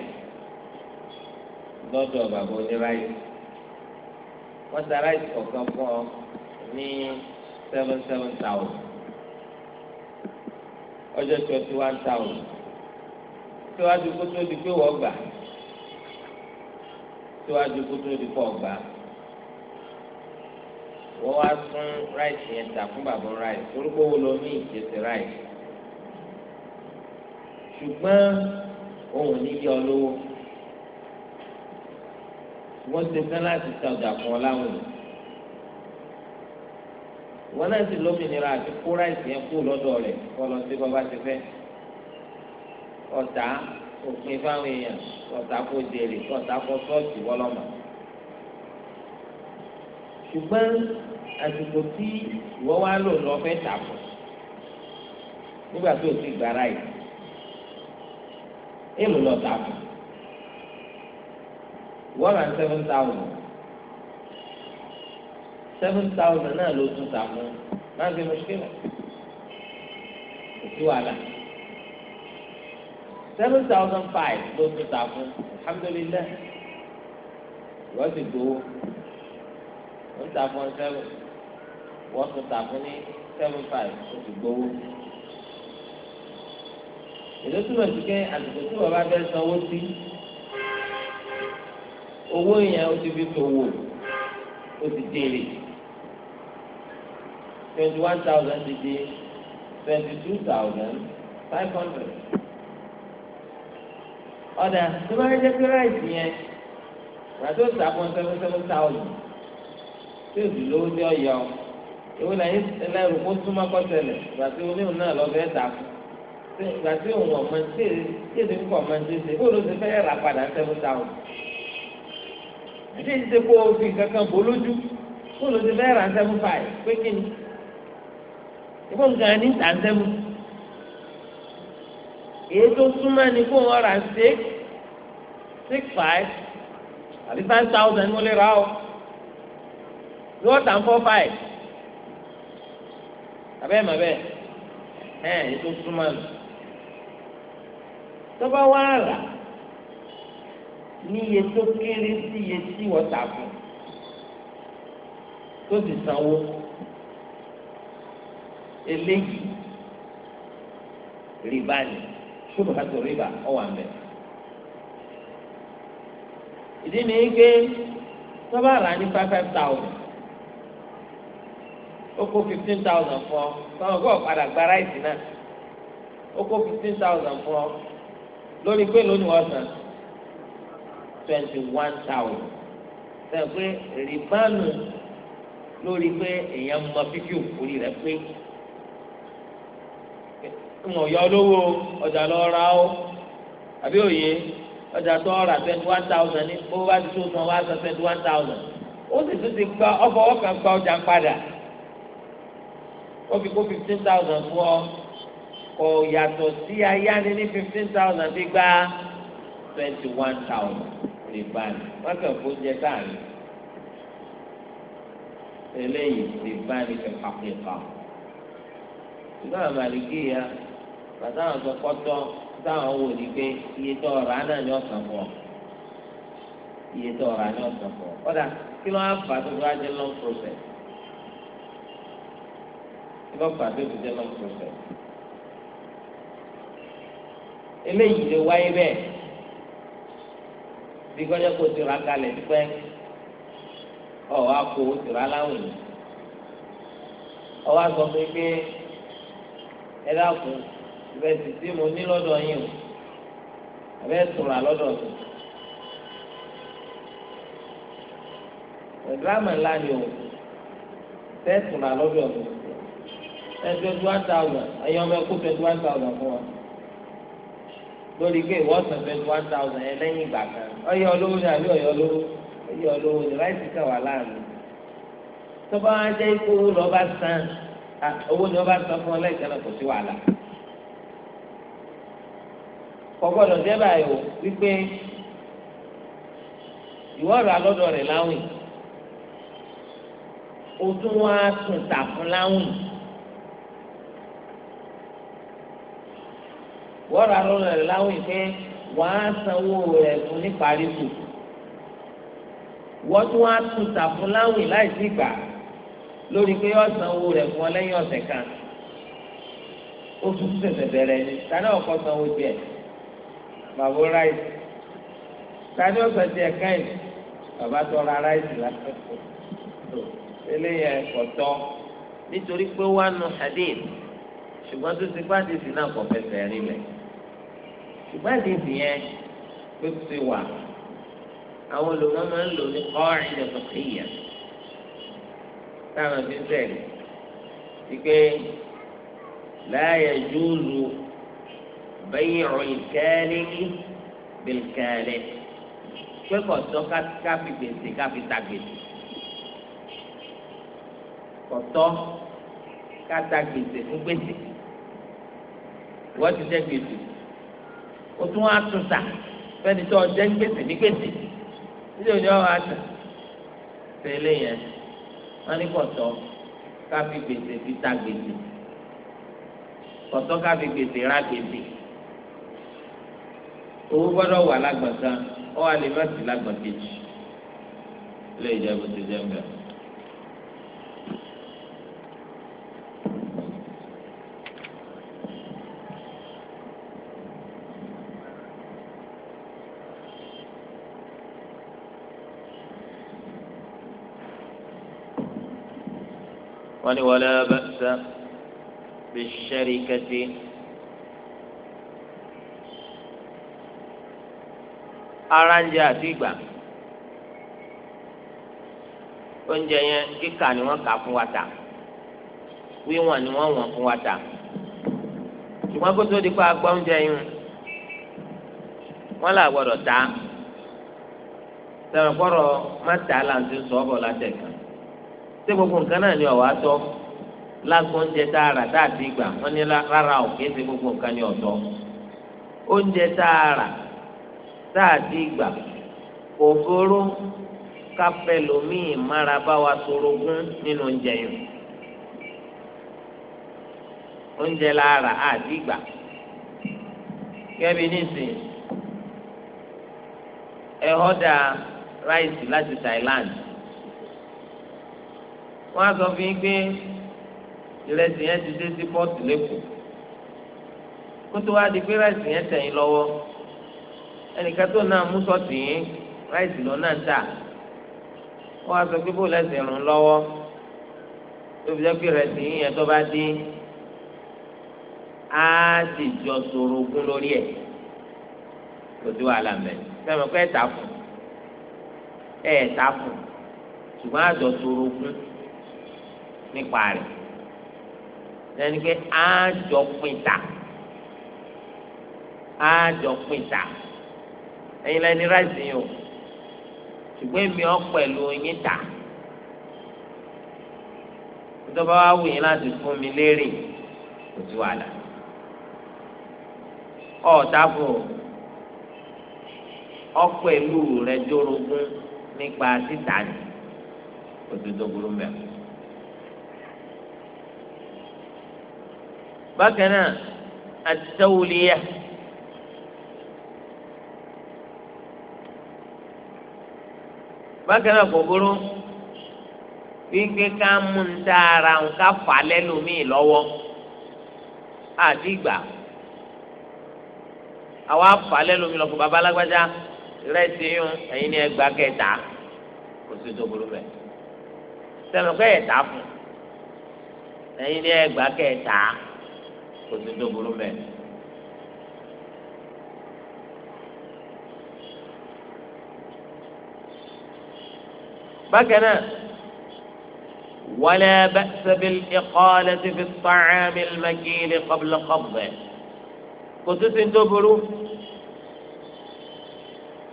lọ́dọ̀ bàbá oníráì wọ́n ta ráì kọ̀ọ̀kan fún ọ ní seven seven thousand. ọjọ́ twenty one thousand síwájú kó tó di pé wọ́n gbà síwájú kó tó di pé wọ́n gbà wọ́n wá sún ráìsì yẹn tà fún bàbá ráìsì orúkọ wo ló ní ìjẹsẹ̀ ráìsì ṣùgbọ́n òun ní yọ lówó wọ́n ṣe tán láti ta ọjà fún ọ láwọn wọn náà sì lómìnira àti kó ráìsì yẹn kú lọ́dọ̀ rẹ̀ kọ́ lọ sí bàbá ti fẹ́ ọ̀tá òpin fáwọn èèyàn ọ̀tá kó dèrè ọ̀tá kó sọ́ọ̀tì wọ́lọ́mà ṣùgbọ́n àsìkò tí ìwọ wá lò lọ fẹ́ tààbọ̀ nígbà tó o ti gba ráìsì èèlò lọ tààbọ̀ one and seven thousand seven thousand náà ló tún tà mọ́ máa fi mọ̀ṣíkìlà kò sí wàhálà seven thousand five ló tún tà fún alhamdulilayi wọ́n ti gbowó wọ́n tà fún seven wọ́n tún tà fún ní seven five ó ti gbowó èdè túmọ̀ sí pé àsìkò tí bàbá fẹ́ sanwó sí owó yẹn ó ti fi tòwò ó ti dèrè twenty one thousand ti twenty two thousand five hundred. ọ̀dà tó bá yẹ pé ráìsì yẹn wà tó sàbọ̀n seven seven thousand tó ìdí lówó tí ó yọ ìwé lẹ́yìn ẹlẹ́rù kó súnmọ́ kọ́sẹ̀lẹ̀ ìgbà tí oníhùn náà lọ fẹ́ tà fún ìgbà tí òun ọ̀mọ tí èdè ń kọ̀ ọ̀mọ tí ó ṣe bó fẹ́ rà padà seven thousand. àti èyí ti ṣe kó o fi kankan bó lójú bó ló fẹ́ rà seven five pé kí ni ìfọ̀ nǹkan ní tàǹtẹ́mù èyí tó súnmọ́ ni fún wọn rà six six five àbí five thousand mo lè ra ọ yóò tà ń five abẹ́ mọ̀ bẹ́ẹ̀ ẹ̀ èyí tó súnmọ́ ni tọ́ba wá rà ní iye tó kéré sí iye tí wọ́n tà fún tó sì sanwó eléyìí rìbá ni ṣùgbọ́n ká tó rìbá ọ wà mẹ́. ìdí ni ike tọ́ba rà ní five five thousand ó kó fifteen thousand fún ọ báwọn kó ọ̀padà gba ráìsì náà ó kó fifteen thousand fún ọ lórí pé lónìí wọ́n san twenty one thousand sẹ́yìn pé rìbá nù lórí pé èèyàn mọ fífi òkúri rẹ̀ pé mo yọ lówó ọjà lọ ra ó àbí òye ọjà tó ọ̀rà twenty one thousand ní bó bá ti tó san wá san twenty one thousand ó sì tún ti gba ọkọ̀ ọkàn gba ọjà padà ó fi kó fifteen thousand fún ọ kò yàtọ̀ sí ayáni ní fifteen thousand fi gba twenty one thousand lè bá ní wọn jẹ káàrin eléyìí lè bá ní kẹkàkẹkà ṣùgbọ́n àmàlí kéèyàn bàtà àwọn sọ kọtọ táwọn wò ní pé iye tó ọ̀rọ̀ àná ni ọ̀sán pọ̀ iye tó ọ̀rọ̀ àná ọ̀sán pọ̀ kódà kí ló ń fà tó bá jẹ́ long process kí ló fà tó fi jẹ́ long process eléyìí lè wáyé bẹ́ẹ̀ bí kọjá kó tìrọ akalẹ̀ pẹ́ ọ̀ akó tìrọ aláwìn ọ̀ wá sọ pé pé ẹ dákun ìrẹsì tí mo ní lọ́dọ̀ yín o abẹ́ sùnrà lọ́dọ̀ mi. ìdílámà ńlá ni o tẹ́ sùnrà lọ́dọ̀ mi. ẹ twenty one thousand ẹ̀yin ọmọ ẹkú twenty one thousand fún wa lórí pé ìwọ́sàn twenty one thousand ẹ lẹ́yìn ìgbà kan ọyọ olówó ni àbí ọyọ olówó ọyọ olówó ni láìsí kà wà láàánú tọ́ba wa jẹ́ ikú lọ́ba san owó ni wọ́n bá san fún ọ lẹ́yìn kan náà kò sí wàhálà kọ́gbọ́dọ̀ dẹ́bà yìí o wípé ìwọ ra lọ́dọ̀ rẹ̀ láwìn o tún wá tún tà fún láwìn ìwọ ra lọ́dọ̀ rẹ̀ láwìn pé wàá sanwó rẹ̀ fún ní parísù wọ́n tún wá tún tà fún láwìn láì sí ìgbà lórí pé yọ sanwó rẹ̀ fún ọ lẹ́yìn ọ̀sẹ̀ kan o tún tẹ̀sẹ̀ bẹ̀rẹ̀ ni tani ọkọ sanwó tiẹ̀ bàbá ráìsì tani ọ̀sán ti ẹ̀ka yìí bàbá tọrọ ráìsì lásìkò eléyà ẹ̀kọ́ tọ́ nítorí pé wà nù hadith ṣùgbọ́n tó ti bá dìsì náà kọ̀ fẹsẹ̀ rí lẹ̀ ṣùgbọ́n dìsì yẹn pé kò sí wà àwọn olùkọ́ máa ń lò ní kọ́ọ̀rì lẹ́kọ̀ọ́ kéèyà táwọn fi ń sẹ̀rí wípé láyé júùlù bẹ́yìn ìkẹ́lẹ́ bìlkẹ́lẹ́ pé kọ̀tọ́ káfi gbèsè káfi ta gbèsè kọ̀tọ́ káta gbèsè fún gbèsè wọ́n ti jẹ́ gbèsè o tún wá tún ta fẹ́ni tó jẹ́ gbèsè ní gbèsè níbi òní ọ̀hún àtà tẹ́lẹ̀ yẹn wọ́n ní kọ̀tọ́ káfi gbèsè fi ta gbèsè kọ̀tọ́ káfi gbèsè ra gbèsè. owó gbọ́dọ̀ wà lágbàtà ọ wà lè má sí lágbàkejì lè jẹ bó ti jẹ nga. wọ́n ní wọlé bẹ́sẹ̀ bí sẹ́ríkẹ́tì. ara ń jẹ àti ìgbà oúnjẹ yẹn kíkà ni wọn kà fún wa ta ni wọ́n wọ̀n fún wa ta kó tó di pa agbọ́ oúnjẹ yìí wọ́n là gbọ́dọ̀ ta sọ̀rọ̀ má ta là ń ti sọ ọ́ bọ̀ látẹ̀kàn ṣé gbogbo nǹkan náà ni ọ̀wá tọ́ oúnjẹ tá a rà tá a ti gbà rárá sáàdì ìgbà kò burú káfẹ́ lòmíì mára bá wa sorogún nínú oúnjẹ yìí oúnjẹ lára àdì ìgbà kẹ́bi nísìnyí ẹ ráìsì láti Thailand wọ́n á sọ fún yín pé ìrẹsì yẹn ti dé sí pọ́ọ̀tù lẹ́kọ̀ọ́ kótó wá di pé ráìsì ẹnìkan tó náà mú sọ́ọ̀tì yín ráìsì lọ náà tà ó wá sọ pé bó lẹ́sìn rún lọ́wọ́ tó fi jẹ́ pé rẹ̀sì yín yẹn tó bá dín á sì jọ sọ̀rọ̀ ogún lórí ẹ̀ kò sí wàhálà mẹ́ sẹ́mi kọ́ ẹ̀ tà fún ẹ̀ tà fún ṣùgbọ́n àjọ sọ̀rọ̀ ogún nípa rẹ̀ lẹ́ni pé àjọ pin tà àjọ pin tà ẹ̀yin lẹni ráìsì yìí o ṣùgbọ́n èmi ọ pẹ̀lú yín tà ìjọba wa wù yín láti fún mi lérè kò sí wàhálà ọ̀ọ́ta fún ọ pẹ̀lú rẹ jórogún nípa títà ní òdodo mẹ́rin. bákan náà àti sẹ́wùlì yẹn. bákan náà kò burú wípé ká mú ń tá ara ń ká fà á lẹ́lòmíì lọ́wọ́ àti ìgbà àwa fà á lẹ́lòmíì lọ́kùn bàbá alágbájá rẹ́sì yún ẹ̀yin ni ẹgbàá kẹta kò sí tó bẹ́ẹ̀ sẹ́nu kẹ́ ẹ̀ fún ẹ̀yin ni ẹgbàá kẹta kò sí tó bẹ́ẹ̀. فكنا ولا بأس بالإقالة في الطعام المكيل قبل قبضه قلت انت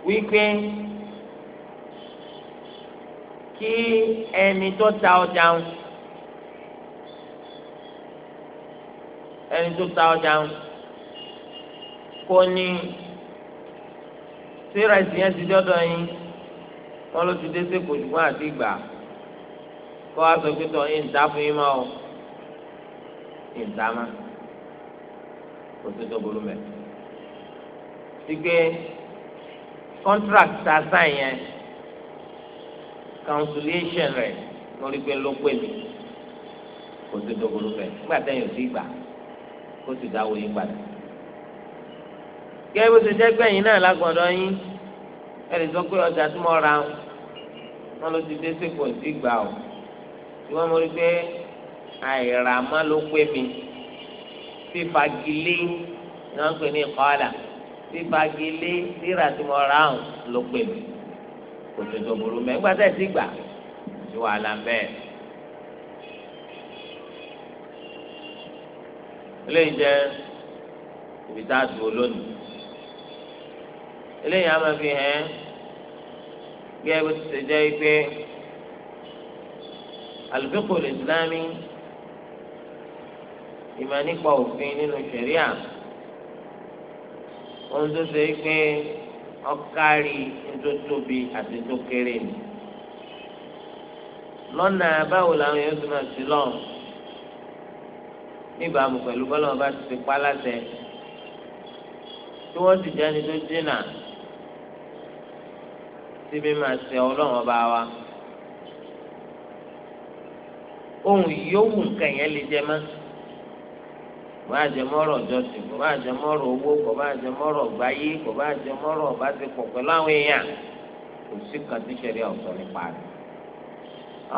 ويكين كي اني تو تاو اني تو تاو كوني سيرا زيان زيادة wọn ló ti dé sẹkọ ṣùgbọ́n àti gbà kọ wá sọ pé tọ ẹ ń ta fún yín mọ o ẹ ń ta má kò tó tó burú mẹ. Sike kọ́ntrakt ta sáì yẹn consolation rẹ̀ lórí pé ló pè mí kò tó tó burú mẹ nígbà tẹ́yìn ò sí gbà kó sì dáwọ́ yín padà gẹ́gẹ́ bó ṣe jẹ́ gbẹ̀yìn náà lágbọ̀dọ̀ yín ẹ̀rì sọ pé ọjà tí mo ra wọn ló ti dé sípò tí gbà ó tí wọn mọ wípé àìràmá ló pé mi fífagilé ni wọn pè ní ìkọlà fífagilé rírà tí mo rà hàn ló pé mi kò tó tó burú mẹ nígbà tẹ̀ sí gbà tí wàhálà bẹ́ẹ̀. eléyìí jẹ́ ibi tá a dùn lónìí eléyìí á máa fi hàn gẹ́gẹ́ bó ti ṣe jẹ́ pé àlùfíkò lè Ìsìlámì ìmọ̀ nípa òfin nínú ṣẹ̀ríà ohun tó ṣe pé ọ̀kárí tó tóbi àti tó kéré ni lọ́nà báwo làwọn èèyàn ti máa sí lọ́n níbàámu pẹ̀lú bọ́lá wọn bá ti ṣe pa láṣẹ tí wọ́n ti jẹ́ ẹni tó dínà síbi máa ṣe ọlọ́run ọba wa ohun yòówù nǹkan yẹn lè jẹ mọ́ kò bá jẹ mọ́rọ̀ jọ́sìn kò bá jẹ mọ́rọ̀ owó kò bá jẹ mọ́rọ̀ gbáyé kò bá jẹ mọ́rọ̀ ìbáṣepọ̀ pẹ̀lú àwọn èèyàn kò sí kan tí sẹ̀rí ọ̀sọ̀ nípa rẹ̀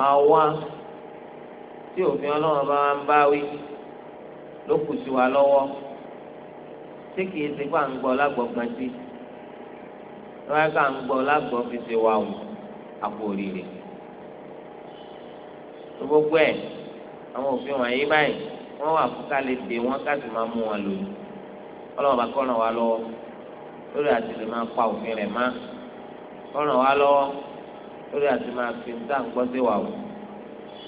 àwa tí òfin ọlọ́run bá ń bá wí ló kù sí wa lọ́wọ́ tí kìí ṣe pàǹgbọ́ lágbọ̀gbọ̀n sí i wọn kà ń gbọ́ lágbọ́ fi ṣe wa o àpò òrìrì gbogbo ẹ̀ àwọn òfin wọ̀nyí báyìí wọ́n wà fún ká lè dè wọ́n ká sì máa mú wọn lò ọlọ́wọ́ bá kọ́ ràn wá lọ́wọ́ lórí àti lè máa pa òfin rẹ̀ má kọ́ ràn wá lọ́wọ́ lórí àti máa fi ń dá nǹkan sí wa o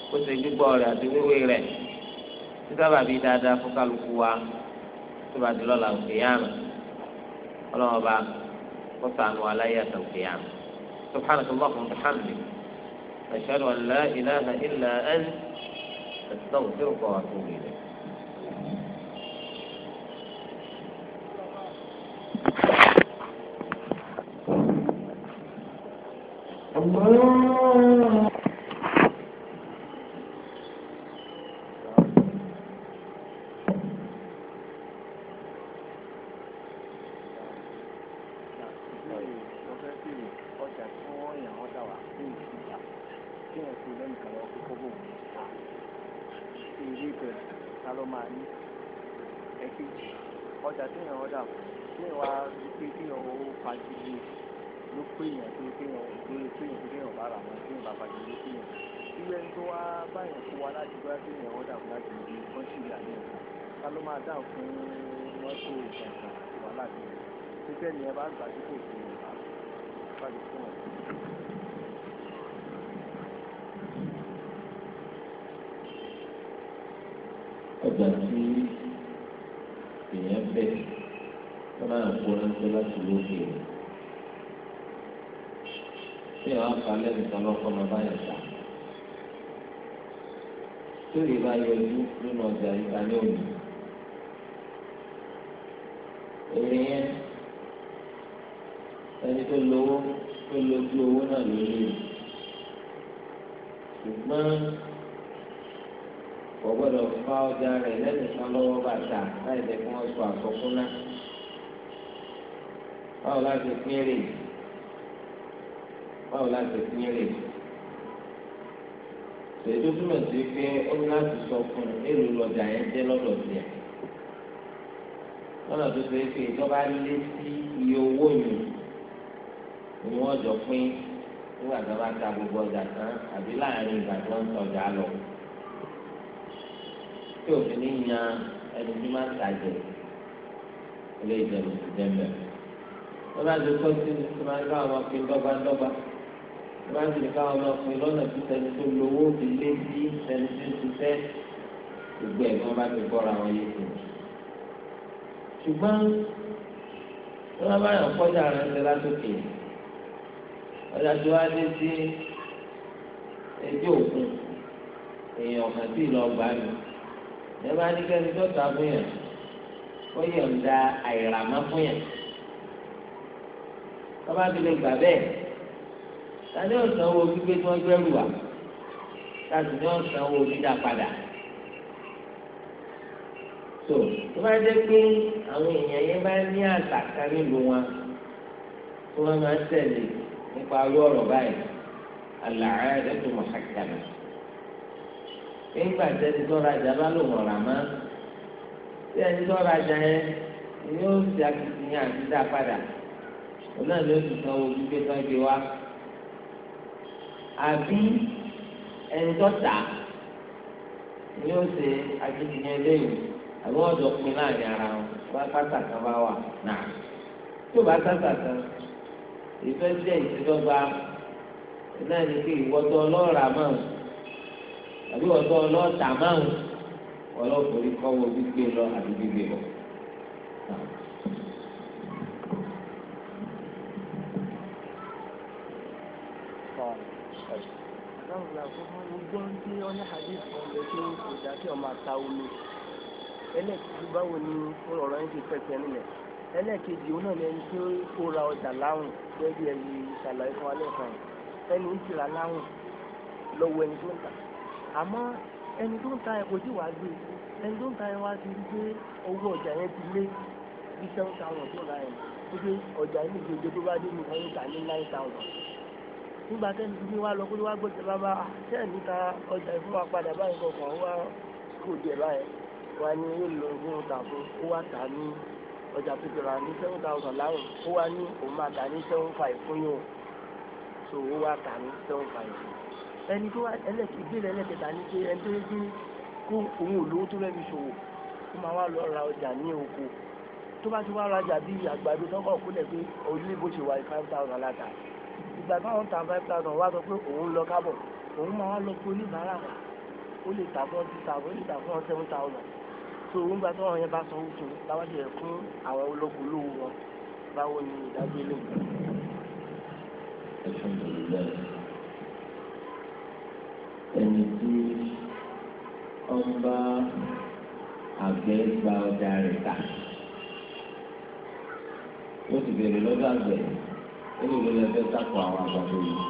kó ṣe gbígbọ́ rẹ̀ àti wíwé rẹ̀ sísábà bíi dáadáa fún kálukú wa tó bá ti lọ́la òkè yára ọlọ́wọ́ وسعنوا على يات القيامة سبحانك اللهم وبحمدك أشهد أن لا إله إلا أنت أستغفرك وأتوب إليك Allah àdá fún mọ́tò ìgbàgbà wà láti rẹ̀ títẹ́ ni ẹ bá gbà tí kò sí ìgbà láti fún ẹ̀. ọjà tí èèyàn bẹ wọn náà kó láti lókè rẹ̀ tí àwọn akalẹ̀ nìkan lọ́kọ́ máa bá yẹn ta tó lè bá yọjú nínú ọjà ìta ní òní. tó lówó tó lójú owó náà lórí rẹ̀ ṣùgbọ́n kò gbọ́dọ̀ fa ọjà rẹ̀ lẹ́nìkan lọ́wọ́ bàtà láì jẹ́ kí wọ́n sọ àkọ́kún náà báwo la ṣe pín èrè báwo la ṣe pín èrè tòyí tó túmọ̀ sí pé ó ní láti sọ fún un èrò lọ́jà yẹn jẹ́ lọ́dọ̀ tiẹ̀ lọ́nà tó ṣe é pé ìjọba lé sí iye owó yìí ni wọ́n jọ pín nígbà tí wọ́n bá ta gbogbo ọjà tán àbí láàrin ìgbà tí wọ́n ń tọjà lọ. tí òfin ní yan ẹni tí máa ń tàjẹ̀ ilé ìjẹun ti dẹ́mbẹ̀. wọ́n bá ti kọ́ sí ti máa ń ká àwọn ọkùnrin dọ́gbadọ́gba. wọ́n bá ti ká àwọn ọkùnrin lọ́nà tí sẹ́ni tó lówó fi lé sí sẹ́ni tó ti fẹ́. gbogbo ẹ̀ wọ́n bá ti bọ́ra wọn yé sí. ṣùgbọ́n wọ́n bá yàn kọjá rẹ̀ ń ọ̀dájú wa dé sí ẹjọ́ òkun èèyàn ọ̀kan tí ì lọ gbà mí ẹ bá ní kẹ́ni tó ta fún yàn ó yọ̀ǹda àìràmọ́ fún yàn tọ́ba ti lè gbà bẹ́ẹ̀ tani ọ̀sán wo gbígbé tí wọ́n gbẹ́rù wá tani ọ̀sán wo dídá padà tó tó bá pé àwọn èèyàn yẹn bá ní àṣà nílùú wọn tí wọ́n máa ń tẹ̀lé nípa ayé ọ̀rọ̀ báyìí alàáyé tó mọ̀ hàkàmì. nígbà tí ẹni tó rajà bá lò wọ̀n ràmá tí ẹni tó rajà yẹn ni ó ti akitiyan àti dá padà òun náà ló ti san ojú pé tán gbé wá. àbí ẹni tó tà ni ó ṣe akitiyan léwu àwọn ọ̀dọ́ pin láàrin ara wọn bá pátá bá wà náà tó bá pátá kan ìfẹ́ jẹ́ ìṣèjọba náà ní pé ìwọ́tọ̀ ọlọ́ọ̀rà máa àbí ìwọ́tọ̀ ọlọ́ọ̀tà máa ọlọ́ọ̀kùnrin kọ́wọ́ gbígbé lọ àbí gbígbé lọ. gbọ́n tí báwo ni ọ̀rọ̀ yẹn ti fẹ́ fẹ́ nílẹ̀ ẹlẹ́ẹ̀kejì òun náà ni ẹni tí ó ra ọjà láwìn gẹ́gẹ́ ẹni ìṣàlàyé fún wa lẹ́ẹ̀kan yìí ẹni ń tìra láwìn lọ́wọ́ ẹni tó ń tà àmọ́ ẹni tó ń ta ẹ̀ kò tí wàá gbé ẹni tó ń ta ẹ̀ wá ti rí pé owó ọjà yẹn ti lé bí seven thousand tó ra ẹ̀ pé ọjà yìí gbèdé tó bá dé ní ọ̀hún ta ní nine thousand nígbà tẹ́ni tí wàá lọ pé wàá gbọ́dọ̀ bàbá tẹ́ni ah, ta ọjà yìí wa padà báyìí kọ̀ọ̀kan wá kò jẹ̀ báyìí wà ní yóò lọ ta fún ó wà ta ní ọjà tó jọra ní seven thousand láwọn ó wá ní òun máa tà ní seven five fún yín o so ó wá tà ní seven five ẹni tó wá ẹlẹ́kẹ̀ẹ́ gbé ẹlẹ́kẹ̀ẹ́ta ní pé ẹni tó gbé kó òun ò lówó tó lẹ́bi ṣòwò ó máa wá lọ ra ọjà ní oko tó bá ti wá ra ọjà bíi àgbàdo tọkọ kúlẹ̀ pé onílé bó ṣe wà ní five thousand láta ìgbà táwọn ta five thousand wá sọ pé òun lọ kábọ̀ òun máa wá lọ pé oníbàárà wà ó lè tà fún ọtí tà fún ó tà fún ọ seven thousand so nígbà tí wọn yẹn bá sanwó fún láwájú ẹ fún àwọn ológun lówó wọn báwo ni ìdájọ́ ilé ìgbà. ẹni tí wọn bá àgbẹ̀ gba ọjà rẹ̀ ta ó ti bèrè lọ́dọ̀ àgbẹ̀ ó lè lọ́lẹ́fẹ́ sápò àwọn àgbàdo yìí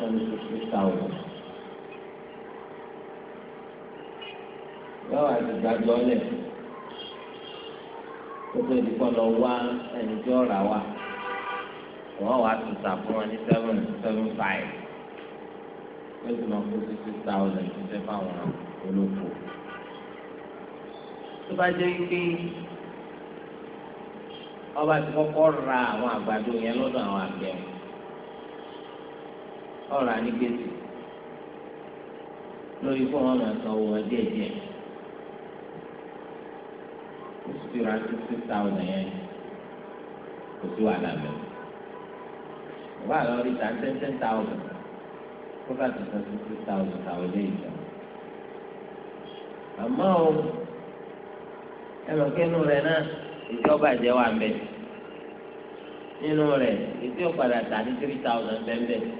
wọ́n ní fifty thousand. yọ wá ti gbàjọ lẹ kótó ìdíkọ lọ wá ẹni tí ó rà wá wọn wá tún ta fún wọn ní seven seven five wọn máa kó six thousand fẹ́ fáwọn olóko ọba ti kọ́kọ́ ra àwọn àgbàdo yẹn lọ́dọ̀ àwọn àgbẹ̀ ọ̀rọ̀ àníkèsì lórí fún wọn máa san owó síra sixty thousand yẹn kò sí wàhálà mẹ wà lọ rí ta ten ten thousand kó bá ti sọ sixty thousand táwọn ilé ìjọ àmọ́ o ẹnìkẹ́nu rẹ̀ náà ìjọba jẹ́ wà mẹ́ nínú rẹ̀ ètò ìpadà tà ní three thousand bẹ́ẹ̀ bẹ́ẹ̀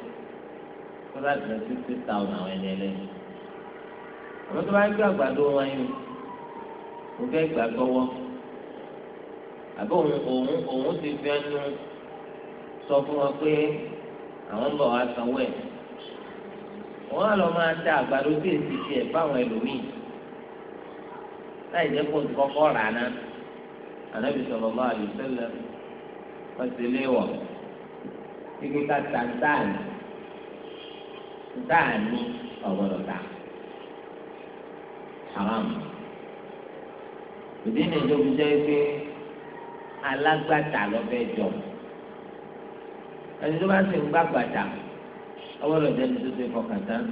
kó bá ti sọ sixty thousand àwọn ẹni ẹlẹ́yìn àwọn tó bá ń gbé àgbàdo wọn yìí kò fẹ́ gbà gbọ́wọ́ àbí òun òun òun ti fi ẹnu sọ fún wọn pé àwọn bọ̀ wá sanwó ẹ̀ wọn á lọ máa da àgbàdo tí èsì tiẹ̀ fáwọn ẹlòmíì láì jẹ́ kó ti kọ́kọ́ rà ná ànábì sọ̀rọ̀ bá àlùsẹ́lẹ̀ wọ́n ti lé wọ̀ kíkí ká ta táàní táàní ọ̀gbọ̀dọ̀ ta haram ìdí nìyẹn tó fi jẹ́ pé alágbàtà lọ́fẹ́ jọ ẹni tó bá sì ń gbà gbàtà ọgbọ́dọ̀ jẹ́ ẹni tó ṣe fọkàn tán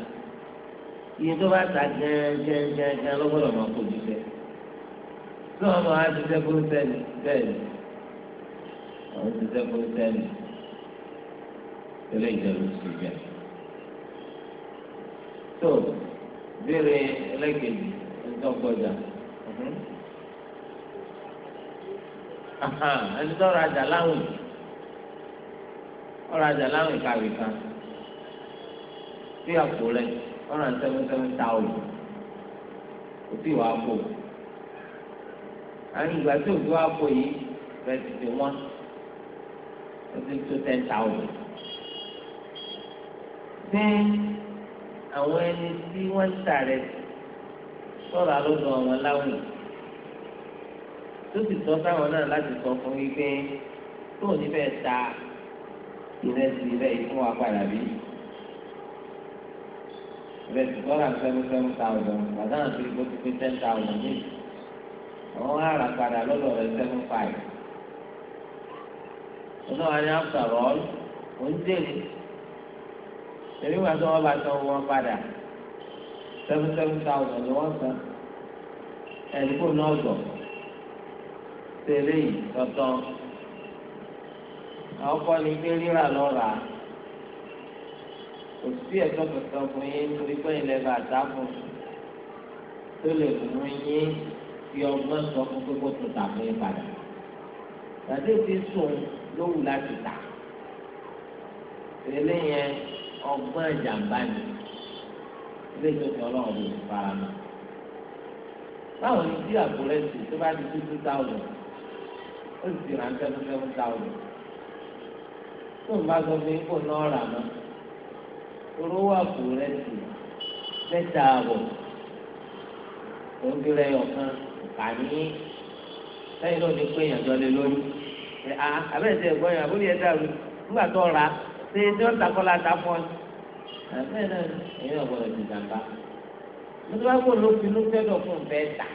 iye tó bá ta gẹ́gẹ́gẹ́gẹ́ lọ́gbọ́dọ̀ máa kó jíṣẹ́ tí wọ́n máa jíṣẹ́ fún sẹ́ni bẹ́ẹ̀ ni àwọn jíṣẹ́ fún sẹ́ni tẹ́lẹ̀ ìjọba ti jẹ́ tó béèrè ẹlẹ́kẹ̀ẹ́ ìtọ́gbọ́jà ẹni tó rajà láwìn ọrajà láwìn kàwé kan tí àpò rẹ ọ̀ràn seven seven thousand kò tí wàá pò àwọn ìgbà tí òtún wàá pò yìí rẹ ti fi wọ́n ó ti tó ten thousand ṣé àwọn ẹni tí wọ́n ń tà rẹ sọ̀rọ̀ àlọ́dọ̀ wọn láwìn tó sì sọ fáwọn náà láti sọ fún wípé tó ní bẹ́ẹ̀ ta ìrẹsì rẹ̀ fún wa padà bí. ìrẹsì dọ́là seven seven thousand bàtà àti ìgbó ti pé ten thousand ní. àwọn ará padà lọ́dọ̀ rẹ̀ seven five. ọ̀nà wa ni after all ó ń dèrè. èmi wà tó wọ́n bá tọ́ wọn padà seven seven thousand ni wọ́n san. ẹ̀dínkù náà gbọ̀ tẹ̀lé yìí tọ̀tàn àwọn kọ́ ni pé rírà lọ́ra kò sí ẹ̀tọ́ kankan fún yín torí pé ilẹ̀ bá dá fún tó lè mú yín fi ọgbọ́n sọ fún pé kó tó tàbí ìbàdàn tàbí ti sùn lówù láti tà tẹ̀lé yẹn ọgbọ́n ìjàmbá ni ilé ìjọba ọlọ́run ló fara mọ́ báwo ni bí àpò rẹ̀ sì tó bá di two thousand ó sì ránṣẹ́ tó fẹ́ fún táwọn tó ń bá sọ pé kò náà rà mọ́ oró wà kù rẹ sí mẹ́ta àbọ̀ tó ń gbéra ẹyọ kan kà ní lẹ́yìn náà ní pé èèyàn jọ lé lórí ẹ a abẹ́sẹ̀ ẹ̀gbọ́n yẹn àbúrò yẹn dàrú nígbà tó ra ṣe tí ó ń takọ́ la ta fún ọ àbẹ́ náà ẹ̀yìn ọ̀gbọ́dọ̀ ti dàgbà mo ti wá gbọ́dọ̀ ló fi ló fẹ́ dọ̀ fún un fẹ́ tà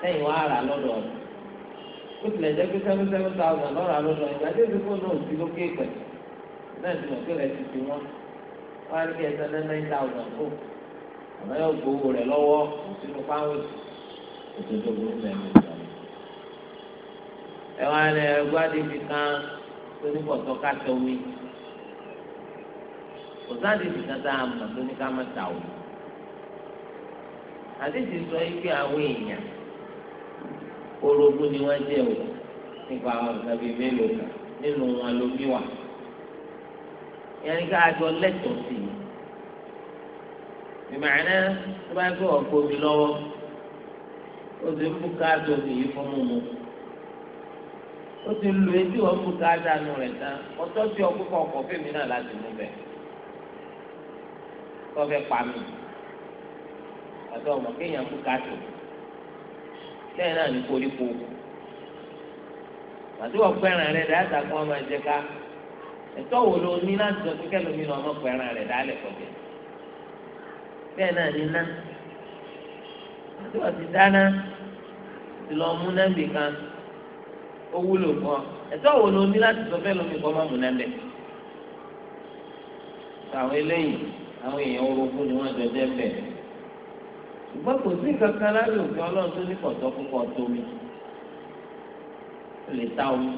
lẹ́yìn rà lọ́dọ̀ ọ̀dọ̀ ó tilẹ̀ jẹ́ pé seven seven thousand lọ́ra lọ́dọ̀ ìgbà tí èsì fóònù náà sí lókè pẹ̀ náà ti mọ̀ pé rẹ̀ ti fi wọ́n wọ́n á ní kí ẹsẹ̀ náà nine thousand kó àmọ́ yóò gbowó rẹ̀ lọ́wọ́ sínú páwé òtòjò burú mẹ́rin ìgbà mi. ẹ wá ní ẹgbẹ́ fi kan tó ní pọ̀tọ́ ká tẹ omi kò sáàdì fi kan tá a mọ̀ tó ní ká má ta omi àdéhùn sọ yìí àwọn èèyàn orogún ni wọ́n jẹ́ o nípa àwọn nǹkan bíi mélòó kan nínú wọn ló bí wà. yẹnni ká àjọ lẹ́tọ̀ọ́ sí i. ìmọ̀ràn tó bá gbé ọ̀pọ̀ omi lọ́wọ́ ó ti ń bùkà tó fi yí fún mímu. ó ti lu etí wọn bùkà dànù rẹ̀ tán ọtọ́ tí ọkùnkọ̀ ọkọ̀ fèmí náà láti mú bẹ̀. kọ́ fẹ́ pa mi. àti ọmọ kéèyàn bùkà tó lẹ́yìn náà ní koríko pàtó wọ́n pẹ́ràn rẹ̀ dáadáa kó wọ́n máa jẹ ká ẹ̀tọ́ wo ló ní láti sọ pé kẹlòmí náà wọ́n pẹ́ràn rẹ̀ dálẹ̀ kọjá bẹ́ẹ̀ náà ní ná pàtó wọ́n ti dáná ti lọ mú nẹ́ẹ̀mì kan ó wúlò fún ọ ẹ̀tọ́ wo ló ní láti sọ kẹlòmí kọ́ máa mú nẹ́ẹ̀mì àwọn eléyìí àwọn èèyàn orogún ni wọ́n jọ jẹ́ bẹ́ẹ̀ ṣùgbọ́n kò sí nǹkan kan lábẹ́ òfin ọlọ́run tó ní pọ̀tọ́ púpọ̀ tómi lè ta omi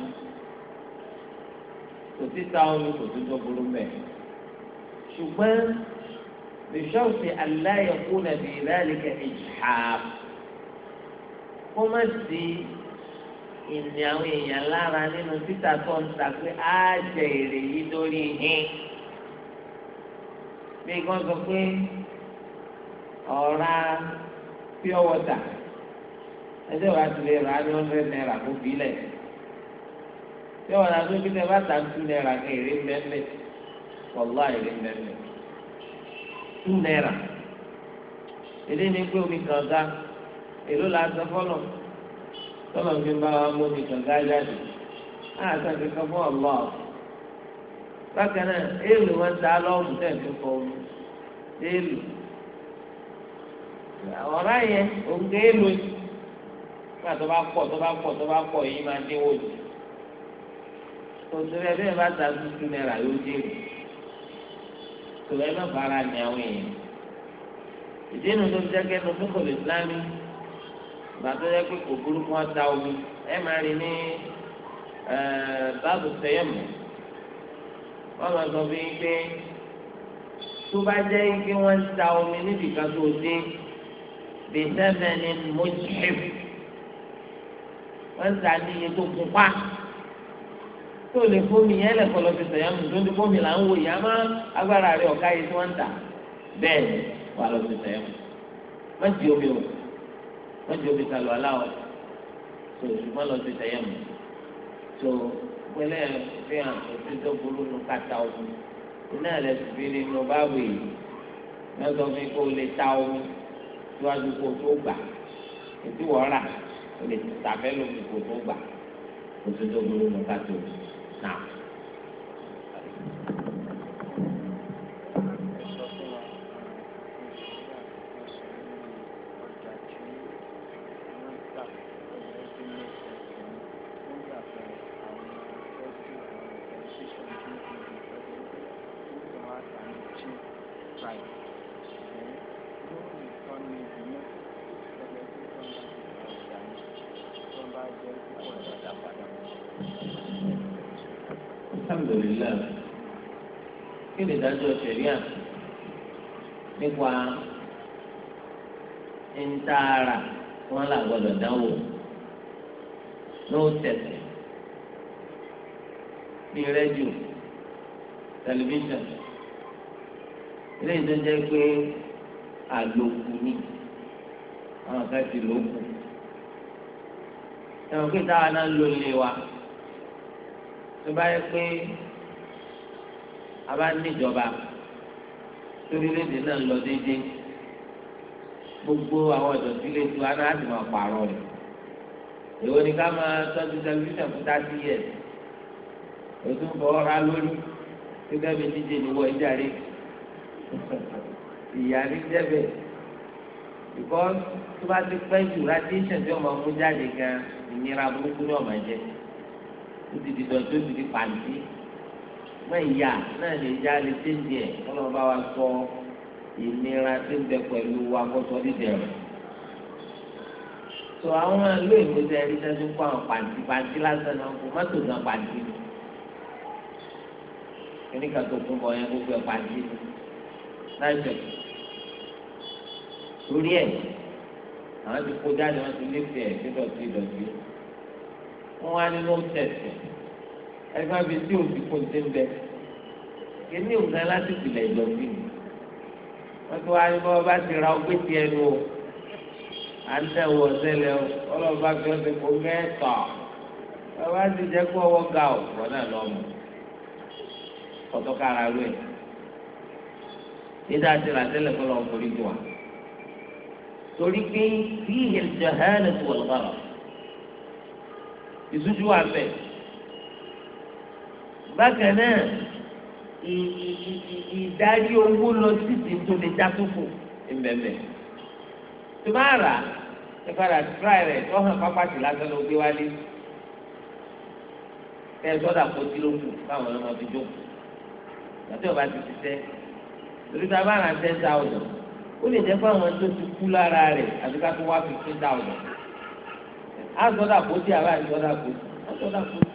kò sí ta omi kò sí tó burú mẹ́ ṣùgbọ́n bishọ́ọ̀sì aláyẹ̀kú nàbí ìrẹ́lẹ̀kẹ́ ìjìhà kó má sí ìní àwọn èèyàn lára nínú títà tó ń ta pé á jẹ èrè yìí lórí yín bí wọ́n sọ pé ọ̀ra pure water ẹsẹ̀ wa ti lè ra ní hundred naira kó fi lẹ̀ pure water tó fi lẹ̀ bá ta two naira kẹ́ èrè mẹ́mẹ́ wọ́lá èrè mẹ́mẹ́ two naira èdè ní pé omi kànga èló la sọ fọlọ tọlọ fi bá wa mú omi kànga jáde náà sọ fi kàn fún ọlọ bákan náà èèlò wọn ta lọ́ọ̀mù tẹ̀ tó fọ omi èèlò ọ̀rá yẹn òǹgé èlò yìí nígbà tó bá pọ̀ tó bá pọ̀ tó bá pọ̀ yìí máa dínwó jù tòtòrò ẹ̀ bẹ́ẹ̀ bá ta tuntun náírà yóò dérò tòtòrò ẹ̀ má bàárà ní àwọn èèyàn ìdí inú tó jẹ́ kẹ́nu fúnkọ̀ lè fúlání ìgbà tó yẹ pé kò burúkú wọn ta omi ẹ máa rí ní báàbù sẹ́yẹ̀mù wọ́n máa sọ fún yín pé tó bá jẹ́ yín pé wọ́n ta omi níbi kan tó dé bìtẹ́mẹ̀ni mojib wọ́n ń ta ní iye tó kún pa tó lè fómi yẹn lẹ́kọ̀ọ́ lọ fi sọ̀yàmù tó ń fómi là ń wò yìí àmọ́ agbára rẹ̀ ọ̀ká yìí tí wọ́n ń tà bẹ́ẹ̀ ni wà lọ fi sọ̀yàmù wọ́n di omi o wọ́n di omi kalọ̀ aláwọ̀ tó ṣùgbọ́n lọ fi sọ̀yàmù tó pẹlẹ fi hàn òtún tó burú nu kàtà omi iná rẹ̀ sì fi nínú báwì lọ́sọ̀ fi kó lè ta omi síwájú kó tó gbà ètí wọ́n rà ó lè tàfẹ́ lómi kó tó gbà kó tó tó burú mọ́ ìdájọ́ ṣẹ̀ríà nípa ńtaara wọn là gbọ́dọ̀ dánwò lóòtẹsẹ ní rédíò tẹlifíṣàn eléyìí tó jẹ́ pé àlòkù ni àwọn kan ti lòkù ẹ̀wọ̀n pé táwa náà lò lé wa tó bá yẹ pé abá níjọba torílẹ̀èdè náà lọ déédéé gbogbo àwọn ọ̀dọ̀tí lè tu aná àti máa pààrọ̀ rẹ̀ èwo ni ká máa tọ́jú tẹlifíṣàn fún tásí yẹ òtún fọwọ́ ra lórí gẹ́gẹ́ bí díje ni wọ́n jáde ìyá ní jẹ́bẹ̀ because tó bá ti pẹ́ jù radiation tí ọmọ mú jáde gan ìnira burúkú ni ọmọ jẹ ó ti di dọ̀tí ó ti di pàǹtí mọ ìyá náà lè já lè dé ní ẹ kọlọ bá wa sọ ìnira tí ń bẹ pẹ̀lú wa kó sọ dídẹ rẹ tó àwọn ìlú ìmúṣẹ ẹni sẹsùn kó àwọn pàǹtí pàǹtí lásán náà kó mọ́tò náà pàǹtí ni oníkà tó kún bọ yẹn gbogbo ẹ pàǹtí ni láìpẹ torí ẹ àwọn ti kó jáde wọn ti lé fẹ sí dọ̀tí dọ̀tí wọn wá nínú tẹsán ẹgbẹ́ bíi tí òsì kò ti ń bẹ kíní òǹkà láti pìlẹ̀ ìjọ sí mi wọ́n ti wáyé bọ́ bá ti ra ọgbẹ́ tiẹ̀ nu o à ń tẹ̀ wọ sẹ́lẹ̀ o ọlọ́ọ̀bá fi ọ̀sẹ̀ kó mẹ́tọ̀ bàbá ti jẹ́ kó ọwọ́ ga ọ̀ wọ́n náà lọ mọ̀ kọ́tọ́ kára rẹ̀ nígbà tí ra sẹ́lẹ̀ kọ́ lọ́ọ́ forí jù wá torí pé bí ìhẹ̀lẹ̀ jẹ̀ hẹ́lẹ̀ tó wọ̀ lọ́kọ̀ bákan náà ìdarí owó lọ títí tó lè já sófò ìbẹ̀bẹ̀ tó bá rà ẹ padà tíráì rẹ̀ tó hàn pápátì lásán ló gbé wálé ẹ sọ́dà kó tí ló kù káwọn ọmọ fi jókòó àti ọba ti ṣiṣẹ́ torí tá a bá rà ten thousand ó lè jẹ́ pé àwọn tó ti kú lára rẹ̀ àti ká tó wá fifteen thousand á sọ́dà kó tí àbá ìsọ́dà kó tí á sọ́dà kó tí.